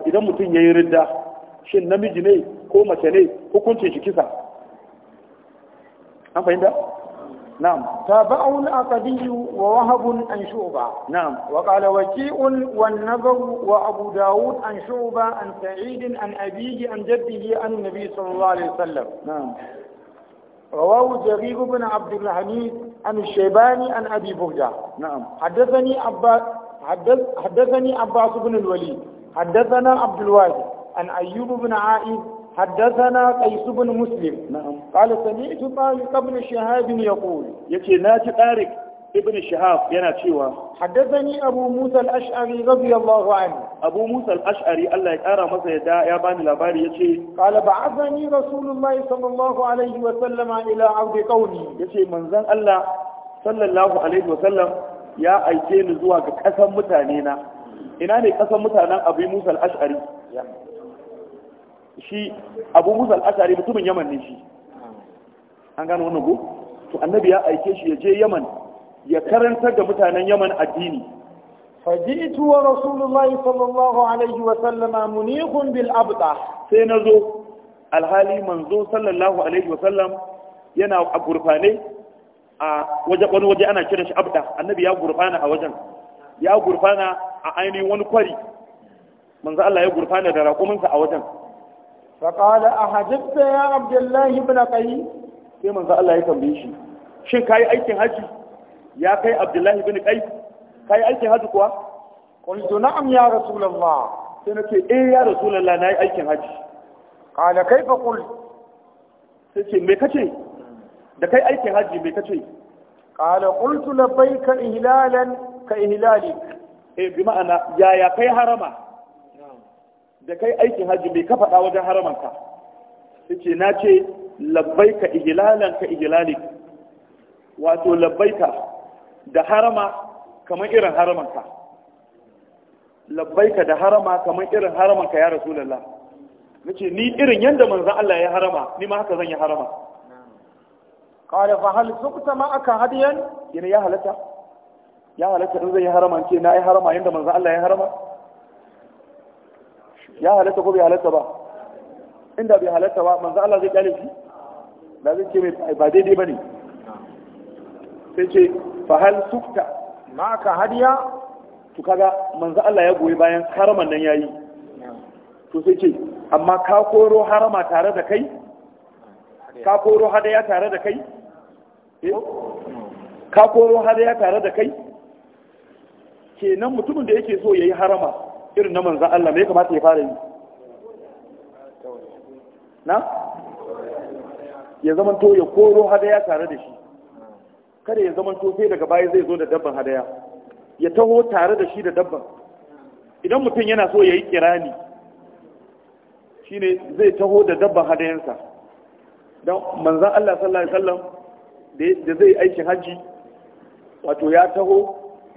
idan mutum yayi ridda shin namiji ne ko mace ne hukuncin kisa an fahimta na'am tabaun aqdiyu wa wahabun an shuba na'am wa qala waqi'un wan nabaw wa abu daud an shuba an sa'id an abiji an jaddihi an nabi sallallahu alaihi na'am rawahu jarir ibn abd alhamid an shaybani an abi burda na'am haddathani abbas haddathani abbas ibn alwali haddathana abd alwahid an ayyub ibn a'id حدثنا قيس بن مسلم نعم قال سمعت طارق بن شهاب يقول يتي ناجي طارق ابن شهاب ينا تشيوا حدثني ابو موسى الاشعري رضي الله عنه ابو موسى الاشعري الله يقرا مسا يدا يا باني لباري يتي قال بعثني رسول الله صلى الله عليه وسلم الى عبد قومي يتي منزل الله صلى الله عليه وسلم ya aike ni zuwa ga ƙasan mutane na ina ne ƙasan mutanen abu musa al'ashari shi abu musa al'ashari mutumin yaman ne shi an gano wannan ko to annabi ya aike shi ya je yaman ya karantar da mutanen yaman addini wa sallallahu alaihi فجئت ورسول الله صلى الله Sai na zo alhali سينزو الحالي منزو صلى الله عليه وسلم ينا a waje wani waje ana kiran shi abda annabi ya gurfana a wajen ya gurfana a ainihin wani kwari manzo Allah ya gurfana da raƙuminsa a wajen فقال أحجبت يا عبد الله بن قيس sai manzo Allah ya tambaye shi shin kai aikin haji ya kai Abdullahi bin Qais kai aikin haji kuwa qultu na'am ya rasulullah sai nace eh ya rasulullah nayi aikin haji qala kaifa qul sai ce me kace da kai aikin haji me kace qala qultu labbaika ihlalan ka ihlalik eh bi ma'ana ya ya kai harama da kai aikin hajji bai ka faɗa wajen haramanka ce na ce ka ihlalan ka ihlalik wato ka da harama kamar irin haramanka ka da harama kamar irin haramanka ya rasu lalla. Na ce ni irin yadda manzon Allah ya harama ni ma haka zan yi harama Kawai fa hal suqta ma aka hadiyan yana ya halatta ya halatta in zai yi harama na yi harama yanda manzon Allah ya harama ya halatta ko bai halatta ba inda bai halatta ba manzo Allah zai kalle shi da zai ce mai ba daidai bane sai ce fa hal sukta ma ka hadiya to kaga manzo Allah ya goyi bayan haraman nan yayi to sai ce amma ka koro harama tare da kai ka koro hadaya tare da kai eh? ka koro hadaya tare da kai kenan mutumin da yake so yayi harama irin na manzan Allah me kamata ya fara yi na ya zamanto ya koro hadaya tare da shi kada ya zamanto sai daga baya zai zo da dabban hadaya ya taho tare da shi da dabban idan mutum yana so ya yi kirani shi ne zai taho da dabban hadayensa don manzan Allah sallallahu alaihi wasallam da zai aikin hajji wato ya taho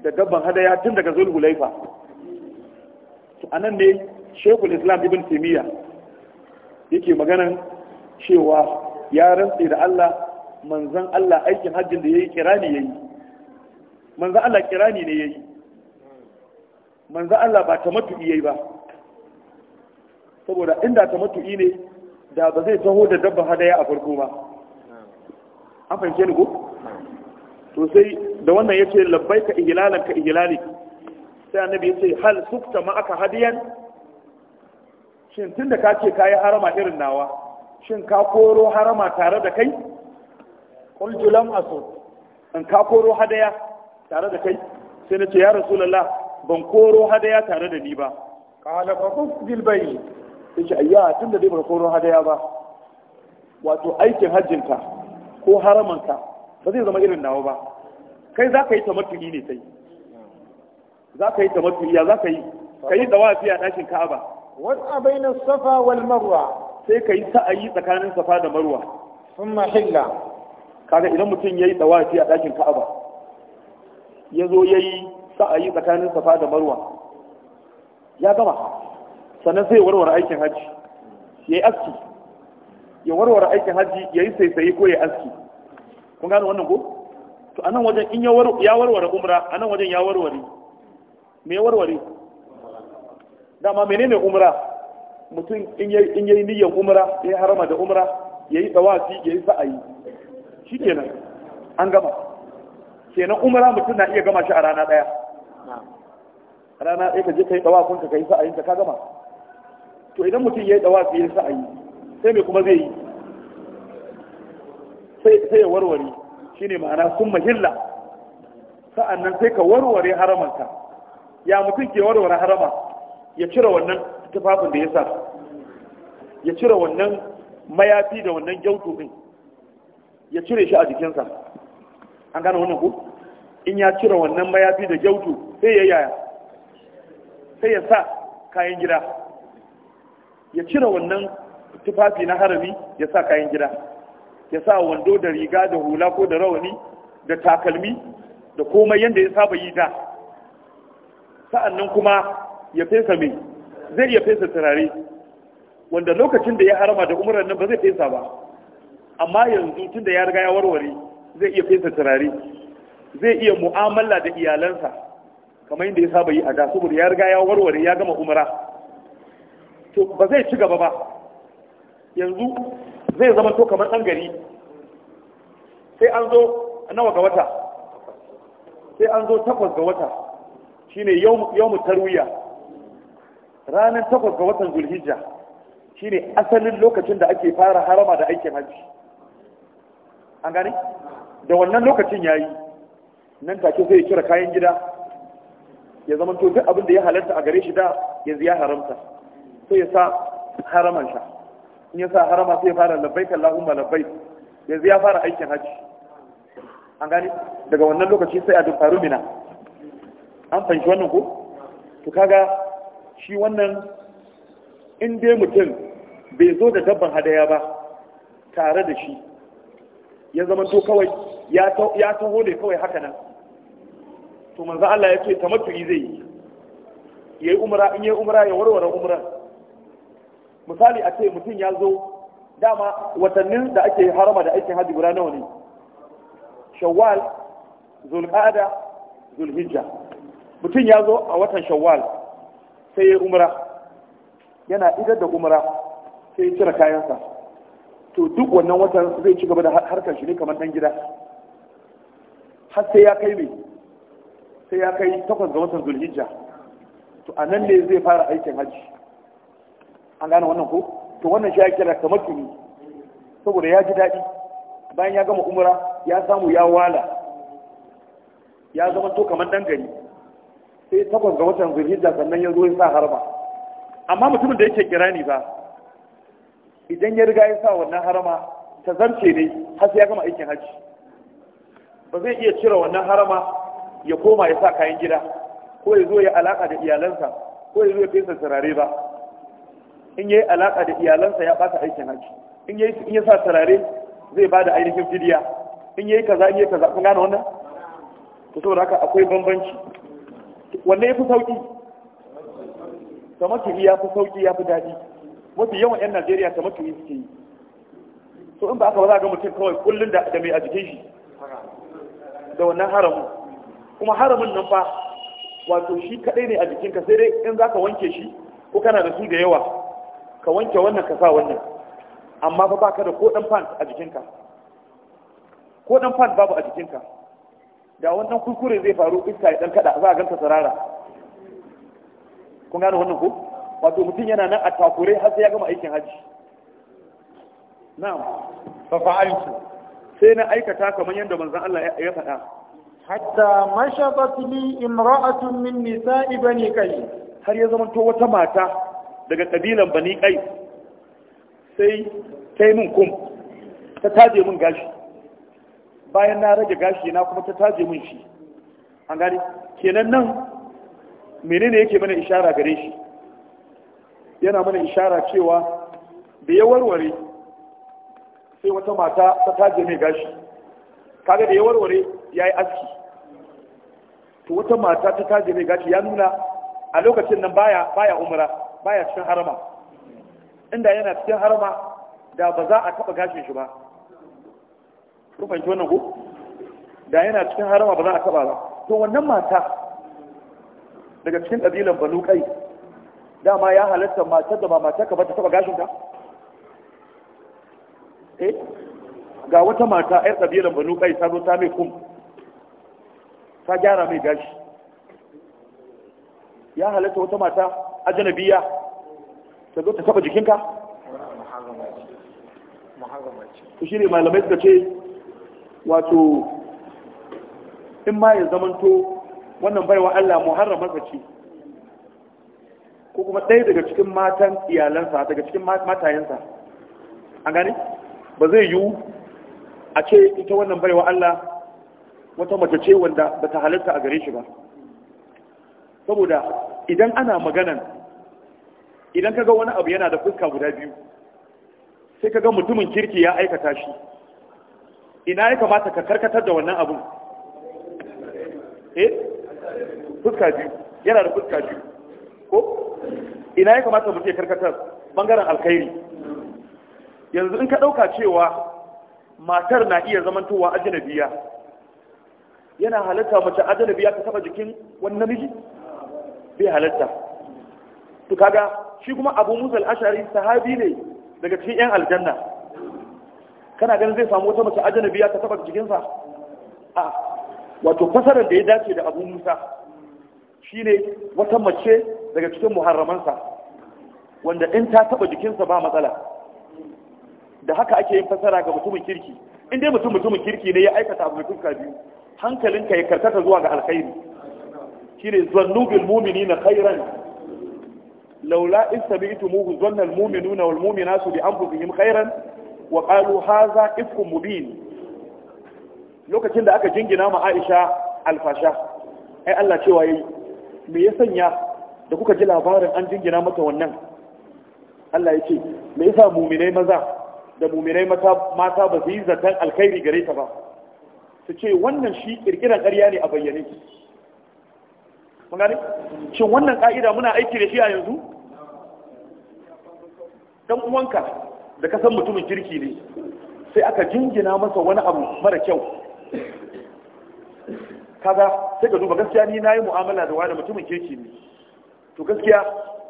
da dabban hadaya tun daga zulhulaifa to nan ne shekul islam ibn taimiyya yake maganan cewa ya rantse da Allah manzan Allah aikin hajjin da ya yi kirani ya yi manzan Allah kirani ne ya yi manzan Allah ba ta matu'i ya yi ba saboda inda ta matu'i ne da ba zai taho da dabba hadaya a farko ba an fahimce ni ko to sai da wannan ya ce labbai ka ihilalan ka ihilalik sai annabi ya ce hal sukta ma aka hadiyan shin tun da ka ce ka yi harama irin nawa shin ka koro harama tare da kai kul julam aso in ka koro hadaya tare da kai sai na ce ya rasulullah ban koro hadaya tare da ni ba qala fa bil bayt sai ce ayya tun da dai ban koro hadaya ba wato aikin hajjinka ko haramanka ba zai zama irin nawa ba kai za ka yi tamattuki ne sai za ka yi ta mafi ya za ka yi ka yi fiye a ɗakin ka'aba Wasu bainas safa wal marwa sai ka yi sa'ayi tsakanin safa da marwa thumma hilla kaga idan mutum ya yayi fiye a ɗakin ka'aba ya zo ya yayi sa'ayi tsakanin safa da marwa ya gama sannan sai warware aikin hajji Ya yi aski ya warware aikin hajji ya yi saisaye ko ya aski kun gano wannan ko to anan wajen in ya warware umra anan wajen ya warware me warware dama menene umra mutum in yayi niyyar umra ya harama da umra yayi tawafi yayi sa'ayi shikenan an gama kenan umra mutum na iya gama shi a rana daya rana ɗaya ka je ka yi ɗawafin ka kai sa'ayin ka gama to idan mutum ya yi ɗawafi ya sa'ayi sai me kuma zai yi sai ya warware shine ma'ana sun mahilla sa'annan sai ka warware haramanka ya mutum ke warware harama ya cire wannan tufafin da ya sa ya cire wannan mayafi da wannan gyautu din ya cire shi a jikinsa an gane wannan ku in ya cire wannan mayafi da gyautu sai ya yaya sai ya sa kayan gida ya cire wannan tufafi na harami ya sa kayan gida ya sa wando da riga da hula ko da rawani da takalmi da komai yadda ya saba yi da nan kuma ya fesa mai zai iya fesa turare wanda lokacin da ya harama da umarar nan ba zai fesa ba amma yanzu tun da ya riga ya warware zai iya fesa turare zai iya mu'amala da iyalansa kamar yadda ya saba yi a da saboda ya riga ya warware ya gama umara to ba zai ci gaba ba yanzu zai zama to kamar ɗan gari sai an zo nawa ga wata sai an zo takwas ga wata shine yawmu tarwiya ranar takwas ga watan zulhijja shine asalin lokacin da ake fara harama da aikin hajji an gane da wannan lokacin yayi nan take zai kira kayan gida ya zama to duk abin da ya halarta a gare shi da yanzu ya haramta sai ya sa haraman sha in ya sa harama sai ya fara labbaik Allahumma labbaik yanzu ya fara aikin hajji an gane daga wannan lokaci sai a dukkan mina an fahimci wannan ko to kaga shi wannan in dai mutum bai zo da dabban hadaya ba tare da shi ya zama to kawai ya taho ne kawai haka nan to manzo Allah ya ce ta tamattu'i zai yi yayi umra in yayi umra ya warware umra misali a ce mutum ya zo dama watannin da ake harama da ake haji guda nawa ne shawwal zulqa'ada zulhijja mutum ya zo a watan shawwal sai ya umara yana idar da umara sai ya cire kayansa to duk wannan watan zai ci gaba da harkar shi ne kamar dan gida har sai ya kai mai sai ya kai takwas ga watan zulhijja to a nan ne zai fara aikin hajji an gane wannan ko to wannan shi ya kira kamar tuni saboda ya ji daɗi bayan ya gama umara ya samu ya wala ya zama to kamar dan gari sai takwas ga watan zulhijja sannan ya zo ya sa harama amma mutumin da yake kirani ba idan ya riga ya sa wannan harama ta zarce ne har ya gama aikin hajji ba zai iya cire wannan harama ya koma ya sa kayan gida ko ya zo ya alaka da iyalansa ko ya zo ya fesa turare ba in ya yi alaka da iyalansa ya bata aikin hajji in ya in ya sa turare zai ba da ainihin fidiya in ya yi kaza in ya kaza kun gane wannan to saboda haka akwai bambanci wanne ya fi sauki tamattu'i ya fi sauki ya fi daɗi mafi yawan 'yan najeriya tamattu'i suke yi so in ba aka ba ga mutum kawai kullum da mai a jikin shi da wannan haramun kuma haramun nan fa wato shi kadai ne a jikinka sai dai in za ka wanke shi ko kana da su da yawa ka wanke wannan ka sa wannan amma fa baka da ko dan a jikinka ko dan pant babu a jikinka da wannan kurkure zai faru iska ya dan kada za a ganta tsirara kun gane wannan ko wato mutum yana nan a takure har sai ya gama aikin haji na'am fa fa'altu sai na aikata kamar yadda manzon Allah ya faɗa hatta mashabat li imra'atun min nisa'i bani kai har ya zama to wata mata daga kabilan bani kai sai ta yi min kum ta taje min gashi bayan na rage gashi na kuma ta taje mun shi an gani kenan nan menene yake mana ishara gare shi yana mana ishara cewa da ya warware sai wata mata ta taje mai gashi kaga da ya warware ya yi aski to wata mata ta taje mai gashi ya nuna a lokacin nan baya baya umra baya cikin harama inda yana cikin harama da ba za a taba gashin shi ba ku fahimci wannan ko da yana cikin harama ba za a taba ba to wannan mata daga cikin kabilan banu kai dama ya halatta matar da ba matar ka ba ta taba gashin ka eh ga wata mata yar kabilan banu kai ta zo ta mai kum ta gyara mai gashi ya halatta wata mata ajanabiya ta zo ta taba jikinka to shi ne malamai suka ce wato in ma ya zamanto wannan baiwa Allah muharramarsa ce ko kuma ɗaya daga cikin matan iyalansa daga cikin matayensa an gani? ba zai yiwu a ce ita wannan baiwa Allah wata mace ce wanda ba ta halarta a gare shi ba saboda idan ana maganan idan kaga wani abu yana da fuska guda biyu sai kaga mutumin kirki ya aikata shi ina ya kamata ka karkatar da wannan abun eh fuska biyu yana da fuska biyu ko ina ya kamata mu ce karkatar bangaren alkhairi yanzu in ka ɗauka cewa matar na iya zamantowa ajinabiya yana halatta mace ajinabiya ta taba jikin wani namiji bai halatta to kaga shi kuma abu musa ashari sahabi ne daga cikin yan aljanna kana ganin zai samu wata mace ajanabiya ta taba jikinsa a wato fasarar da ya dace da abu musa shine wata mace daga cikin muharramansa wanda in ta taba jikinsa ba matsala da haka ake yin fasara ga mutumin kirki in dai mutum mutumin kirki ne ya aikata abu mai fuska biyu hankalinka ya karkata zuwa ga alkhairi shine zannu bil mu'minina khairan laula in sami'tumuhu zanna al mu'minuna wal mu'minatu bi anfusihim khairan wa qalu hadha ifkum mubin lokacin da aka jingina ma Aisha alfasha ai Allah cewa yayi me ya sanya da kuka ji labarin an jingina mata wannan Allah ya ce me yasa muminai maza da muminai mata mata ba su yi zaton alkhairi gare ta ba su ce wannan shi kirkiran ƙarya ne a bayyane mun gane shin wannan ka'ida muna aiki da shi a yanzu dan uwanka da kasan mutumin kirki ne sai aka jingina masa wani abu mara kyau kaga sai ka duba gaskiya ni na yi mu'amala da wani mutumin kirki ne to gaskiya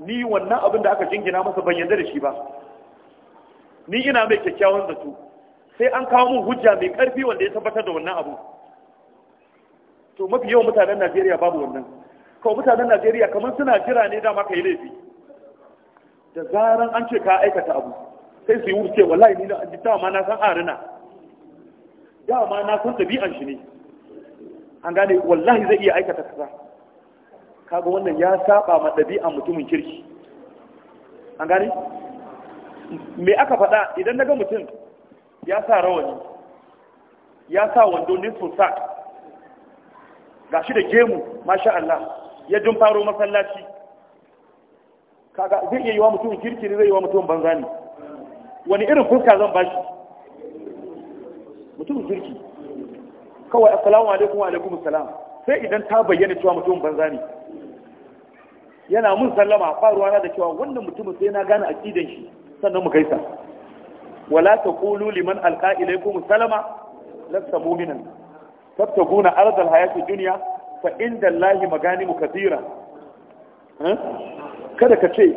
ni wannan abin da aka jingina masa ban yarda da shi ba ni ina mai kyakkyawan zato sai an kawo min hujja mai karfi wanda ya tabbatar da wannan abu to mafi yawan mutanen Najeriya babu wannan kawai mutanen Najeriya kamar suna jira ne dama ka yi laifi da zaran an ce ka aikata abu sai su yi wuce wallahi ni na dama na san arina dama na san tabi'an shi ne an gane wallahi zai iya aikata kaza kaga wannan ya saba ma ɗabi'an mutumin kirki an gane me aka faɗa idan na ga mutum ya sa rawani ya sa wando nisfin sa ga shi da gemu masha Allah ya jin faro masallaci kaga zai iya yi wa kirki ne zai yi wa mutumin banza ne wani irin fuska zan ba shi? mutumin kirki kawai assalamu alaikum wa alaikum salam sai idan ta bayyana cewa mutumin banza ne yana mun sallama faruwa na da cewa wannan mutumin sai na gane aqidan shi sannan mu kaisa wala taqulu liman alqa ilaykum salama lasta mu'minan tabtaguna ardal hayati dunya fa inda allahi maganimu kathira kada ka ce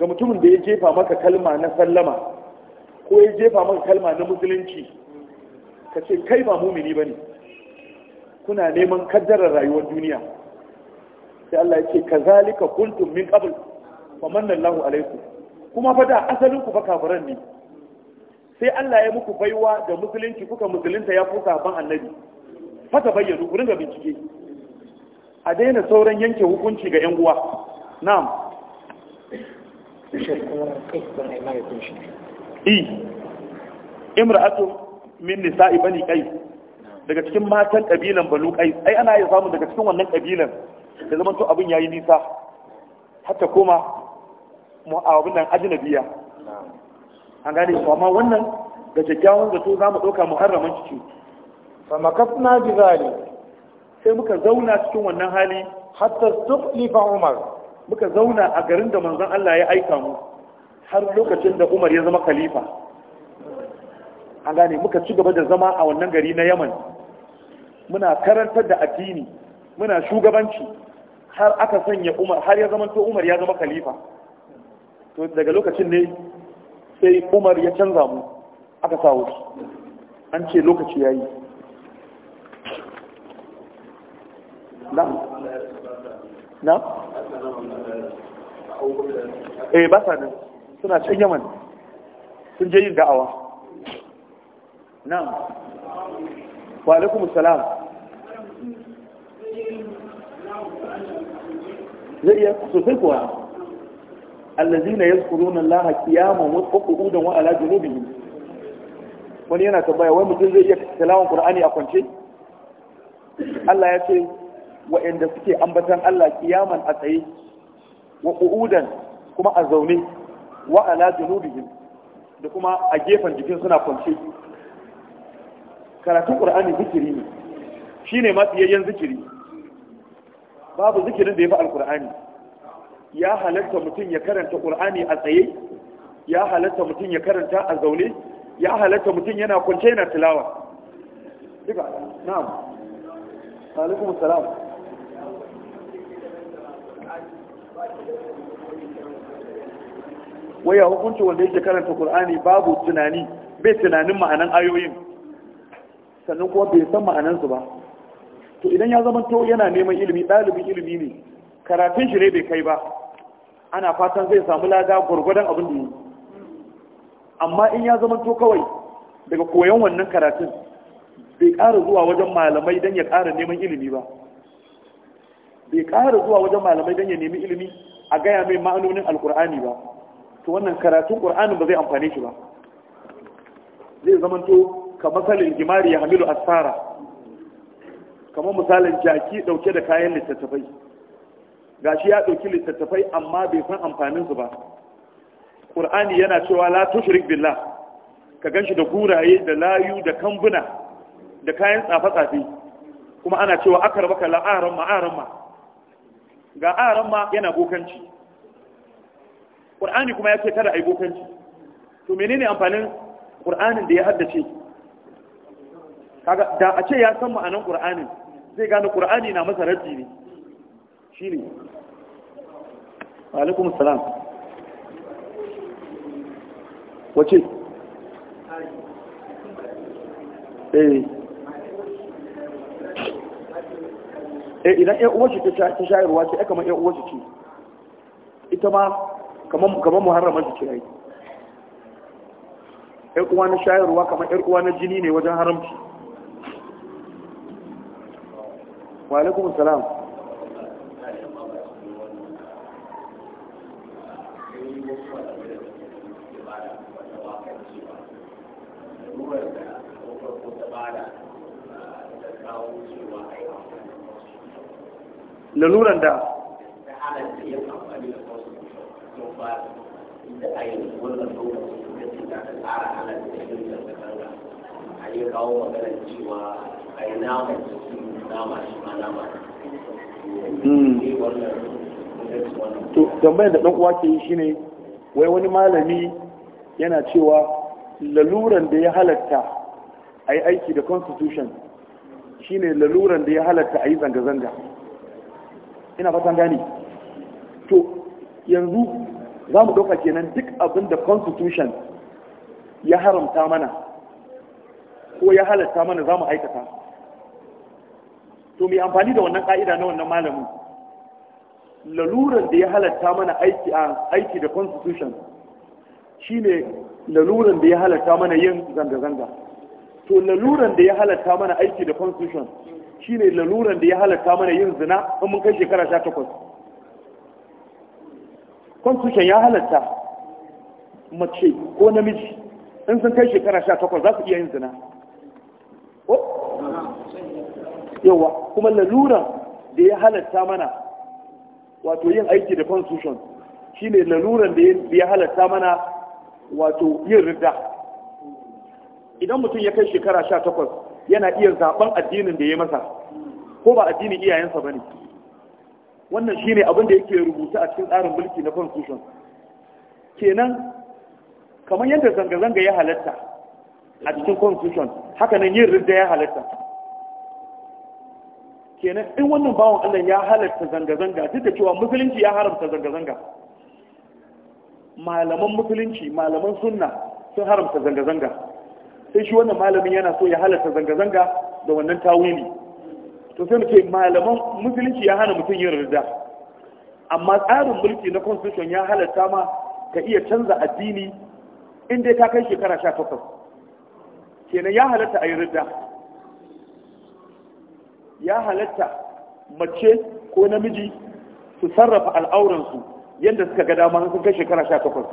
ga mutumin da ya jefa maka kalma na sallama ko ya jefa man kalma na musulunci ka ce kai ba mumini ba ne kuna neman kaddarar rayuwar duniya sai Allah ya ce ka zalika kuntum min qabl fa manna Allahu alaikum kuma fa da asalin ku fa kafiran ne sai Allah ya muku baiwa da musulunci kuka musulunta ya fuka ban annabi fa ta bayyana ku ringa bincike a daina sauran yanke hukunci ga yan uwa na'am shi i e, imra'atu min nisa'i bani kai daga cikin matan kabilan banu kai ai ana iya samu daga cikin wannan kabilan da zaman to abin yayi nisa hatta koma mu abin nan ajnabiya an gane su amma wannan da kyakkyawan zato za mu ɗauka muharraman ciki fa makafna bi sai muka zauna cikin wannan hali hatta fa umar muka zauna a garin da manzon Allah ya aika mu har lokacin da umar ya zama khalifa an gane muka ci gaba da zama a wannan gari na yaman muna karantar da addini muna shugabanci har aka sanya umar har ya zama to umar ya zama khalifa to daga lokacin ne sai umar ya canza mu aka sa wasu an ce lokaci ya yi na? eh ba sa suna can yaman sun je yin da'awa na'am wa alaikum salam zai iya sosai kuwa ya allazina laha kiyama wasu wa qu'udan wa ala junubihim wani yana tabbaya wani mutum zai iya salawan qur'ani a kwance Allah ya ce wa'anda suke ambatan Allah kiyaman a tsaye wa ƙu'udan kuma a zaune wa ala junubihim da kuma a gefen jikin suna kwance karatun qur'ani zikiri ne shine ma fiyayyen zikiri babu zikirin da ya fi alqur'ani ya halatta mutum ya karanta qur'ani a tsaye ya halatta mutum ya karanta a zaune ya halatta mutum yana kwance yana tilawa duka na'am alaikum salam waya hukunci wanda yake karanta Qur'ani babu tunani bai tunanin ma'anan ayoyin sannan kuma bai san ma'anan su ba to idan ya zama to yana neman ilimi ɗalibin ilimi ne karatun shi ne bai kai ba ana fatan zai samu lada gurgurdan abin da yi amma in ya zama to kawai daga koyon wannan karatun bai ƙara zuwa wajen malamai don ya ƙara neman ilimi ba bai ƙara zuwa wajen malamai don ya nemi ilimi a gaya mai ma'anonin alkur'ani ba to wannan karatun ƙur'anin ba zai amfane shi ba zai zamanto ka matsalin gimari ya hamilu asfara kama misalin jaki ɗauke da kayan littattafai shi ya ɗauki littattafai amma bai san amfaninsu ba ƙur'ani yana cewa la tushrik billah ka gan shi da guraye da layu da kambuna da kayan tsafe-tsafe kuma ana cewa akar baka la'aranma aranma ga aranma yana bokanci qur'ani kuma ya ce kada a yi bokanci to menene amfanin ƙur'anin da ya haddace kaga da a ce ya san ma'anan ƙur'anin? zai gane ƙur'ani na masa raddi ne shine wa alaikum assalam wace eh, eh idan ‘yan uwarci ta shayarwa ce aka ma ‘yan uwa ce ita ma kamar kamar muharraman jiki ne ƴar uwa na shayarwa kamar ƴar uwa na jini ne wajen haramci wa alaikum salam laluran da ya kawo magana cewa a yi nama nama shi ma nama hmm. to tambayar da ɗan uwa ke yi shine wai wani malami yana cewa laluran da ya halatta a yi aiki da constitution shine laluran da ya halatta a yi zanga-zanga ina fatan gani to yanzu za mu ɗauka kenan duk abin da constitution ya haramta mana ko ya halatta mana za mu aikata to mai amfani da wannan ka'ida na wannan malamin laluran da ya halatta mana aiki a aiki da constitution shine laluran da ya halatta mana yin zanga-zanga to laluran da ya halatta mana aiki da constitution shine laluran da ya halatta mana yin zina in mun kai shekara sha takwas. constitution ya halatta mace ko namiji in sun kai shekara sha takwas za su iya yin zina yawa kuma laluran da ya halatta mana wato yin aiki da constitution shine laluran da ya halatta mana wato yin ridda idan mutum ya kai shekara sha takwas yana iya zaben addinin da ya masa ko ba addinin iyayensa ba ne wannan shine abin da yake rubuta a cikin tsarin mulki na constitution kenan kamar yadda zanga-zanga ya halatta a cikin constitution haka nan yin ridda ya halatta kenan in wannan bawan Allah ya halatta zanga-zanga duk da cewa musulunci ya haramta zanga-zanga malaman musulunci malaman sunna sun haramta zanga-zanga sai shi wannan malamin yana so ya halatta zanga-zanga da wannan tawili to sai muke malaman musulunci ya hana mutum yin ridda amma tsarin mulki na constitution ya halatta ma ka iya canza addini in dai ka kai shekara 18 kenan ya halatta a yi ridda ya halatta mace ko namiji su sarrafa al'auransu yadda suka ga dama sun kai shekara sha takwas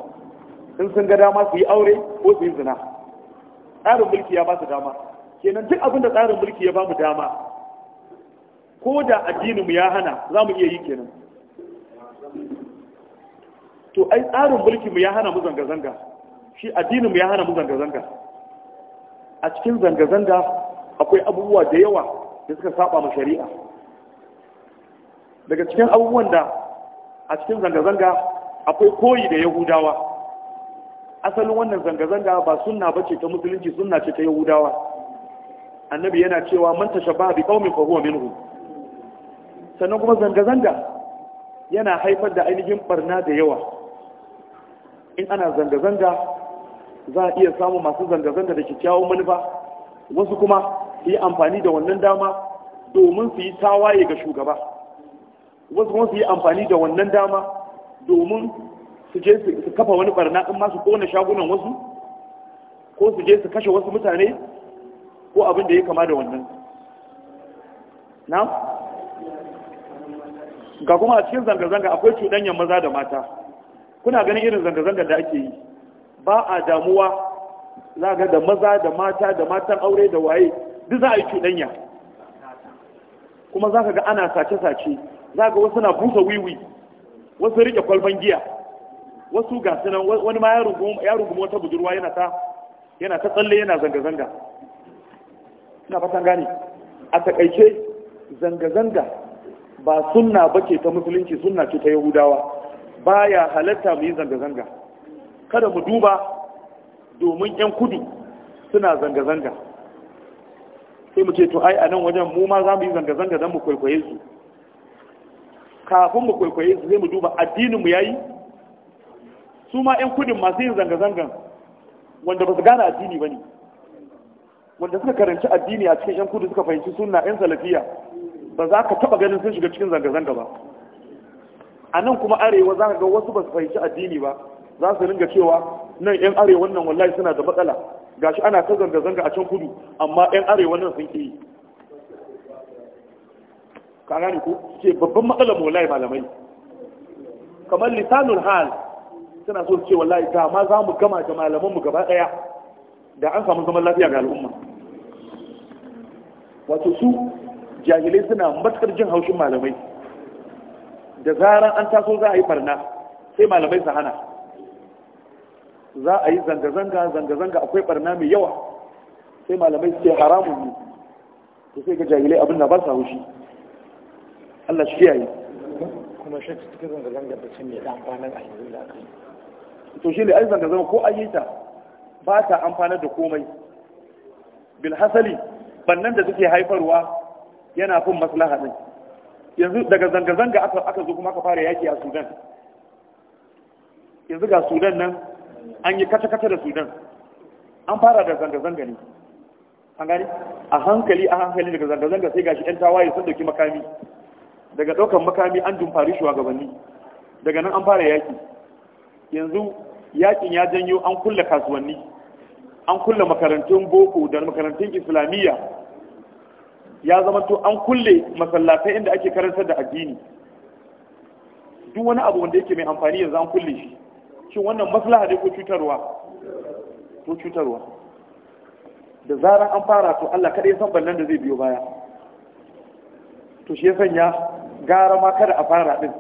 in sun ga dama su yi aure ko su yi zina tsarin mulki ya ba su dama kenan duk abin da tsarin mulki ya ba mu dama ko da addininmu ya hana za mu iya yi kenan to ai tsarin mulkinmu ya hana mu zanga-zanga shi addininmu ya hana mu zanga-zanga a cikin zanga-zanga akwai abubuwa da yawa da suka saba ma shari'a daga cikin abubuwan da a cikin zanga-zanga akwai koyi da yahudawa asalin wannan zanga-zanga ba sunna ba ce ta musulunci sunna ce ta yahudawa annabi yana cewa man tashabba bi qaumin fa huwa minhu sannan kuma zanga-zanga yana haifar da ainihin barna da yawa in ana zanga-zanga za a iya samun masu zanga-zanga da kyakkyawan manufa wasu kuma su yi amfani da wannan dama domin su yi tawaye ga shugaba wasu kuma su yi amfani da wannan dama domin su je su kafa wani barna in masu kona shagunan wasu ko su je su kashe wasu mutane ko abin da ya kama da wannan na ga kuma a cikin zanga-zanga akwai cuɗanyen maza da mata kuna ganin irin zanga-zangar da ake yi ba a damuwa za ga da maza da mata da matan aure da waye duk za a yi cuɗanya kuma za ka ga ana sace-sace za ga wasu na busa wiwi wasu riƙe kwalban giya wasu ga nan wani ma ya rungumi wata budurwa yana ta yana ta tsalle yana zanga-zanga ina fatan gane a takaice zanga-zanga ba sunna bace ta musulunci sunna ce ta yahudawa baya halatta mu yi zanga-zanga kada mu duba domin 'yan kudu suna zanga-zanga sai mu ce to ai a nan wajen mu ma za mu yi zanga-zanga don mu kwaikwaye su kafin mu kwaikwaye su zai mu duba addininmu ya yi su ma 'yan kudin masu yin zanga-zangan wanda ba su gane addini ba ne wanda suka karanci addini a cikin 'yan kudu suka fahimci suna 'yan salafiya ba za ka taba ganin sun shiga cikin zanga-zanga ba a nan kuma arewa za ka ga wasu ba su fahimci addini ba za su ringa cewa nan yan arewan nan wallahi suna da matsala gashi ana ta zanga-zanga a can kudu amma yan arewan nan sun ƙi ka ne ko ce babban matsalar mu wallahi malamai kamar lisanul hal suna so ce wallahi ga ma za mu gama da malaman mu gaba daya da an samu zaman lafiya ga al'umma wato su jahilai suna matukar jin haushin malamai da zarar an taso za a yi barna sai malamai su hana za a yi zanga-zanga zanga-zanga akwai barna mai yawa sai malamai suke haramun ne da sai ga jahilai abin na ba sa haushi Allah shi yayi kuma shi suke zanga-zanga da cin mai da amfanin a yanzu da yi. to shi ne ai zanga-zanga ko ayi ta ba ta amfanar da komai bil hasali bannan da suke haifarwa yana fin maslaha din yanzu daga zanga-zanga aka zo kuma aka fara yaki a Sudan yanzu ga Sudan nan an yi kata-kata da sudan an fara da zanga-zanga ne an gani a hankali a hankali daga zanga-zanga sai gashi 'yan tawaye sun dauki makami daga daukan makami an dumfari shugabanni daga nan an fara yaki yanzu yakin ya janyo an kulle kasuwanni an kulle makarantun boko da makarantun islamiyya ya zama to an kulle masallatai inda ake karantar da addini duk wani abu wanda yake mai amfani yanzu an kulle shi shin wannan maslaha ne ko cutarwa ko cutarwa da zarar an fara to Allah kada ya san ballan da zai biyo baya to shi ya sanya gara ma kada a fara din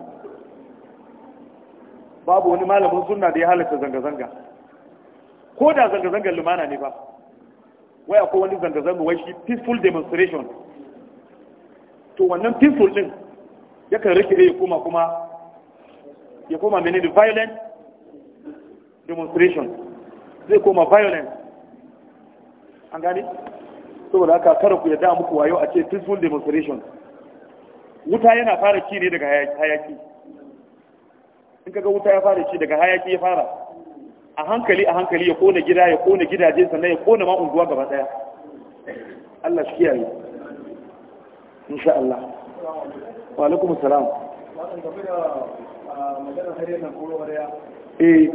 babu wani malamin sunna da ya halatta zanga-zanga ko da zanga-zangar lumana ne ba wai akwai wani zanga-zanga wai shi peaceful demonstration to wannan peaceful din yakan rikide ya koma kuma ya koma menene violent demonstration zai koma violence an gani saboda haka kar ku yadda muku wayo a ce peaceful demonstration wuta yana fara ci ne daga hayaki in kaga wuta ya fara ci daga hayaki ya fara a hankali a hankali ya kona gida ya kona gidaje sannan ya kona ma unguwa gaba daya Allah shi kiyaye insha Allah wa alaikum ah, wariya eh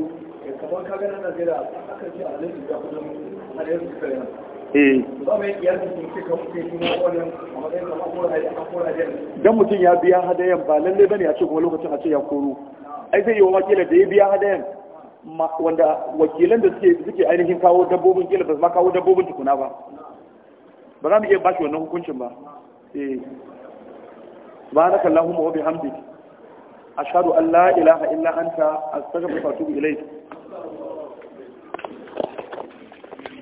kamar ka gana na gida aka ce eh. a laifin ga kudin hanyar su kare nan dan mutum ya biya hadayan ba lalle ne a ce kuma lokacin a ce ya koro ai zai yi wa wakila da ya biya hadayan wanda wakilan da suke ainihin kawo dabbobin kila ba ma kawo dabbobin tukuna ba ba za mu iya bashi wannan hukuncin ba eh kalla allahumma wa Hamdi. ashhadu an la ilaha illa anta astaghfiruka wa atubu ilayk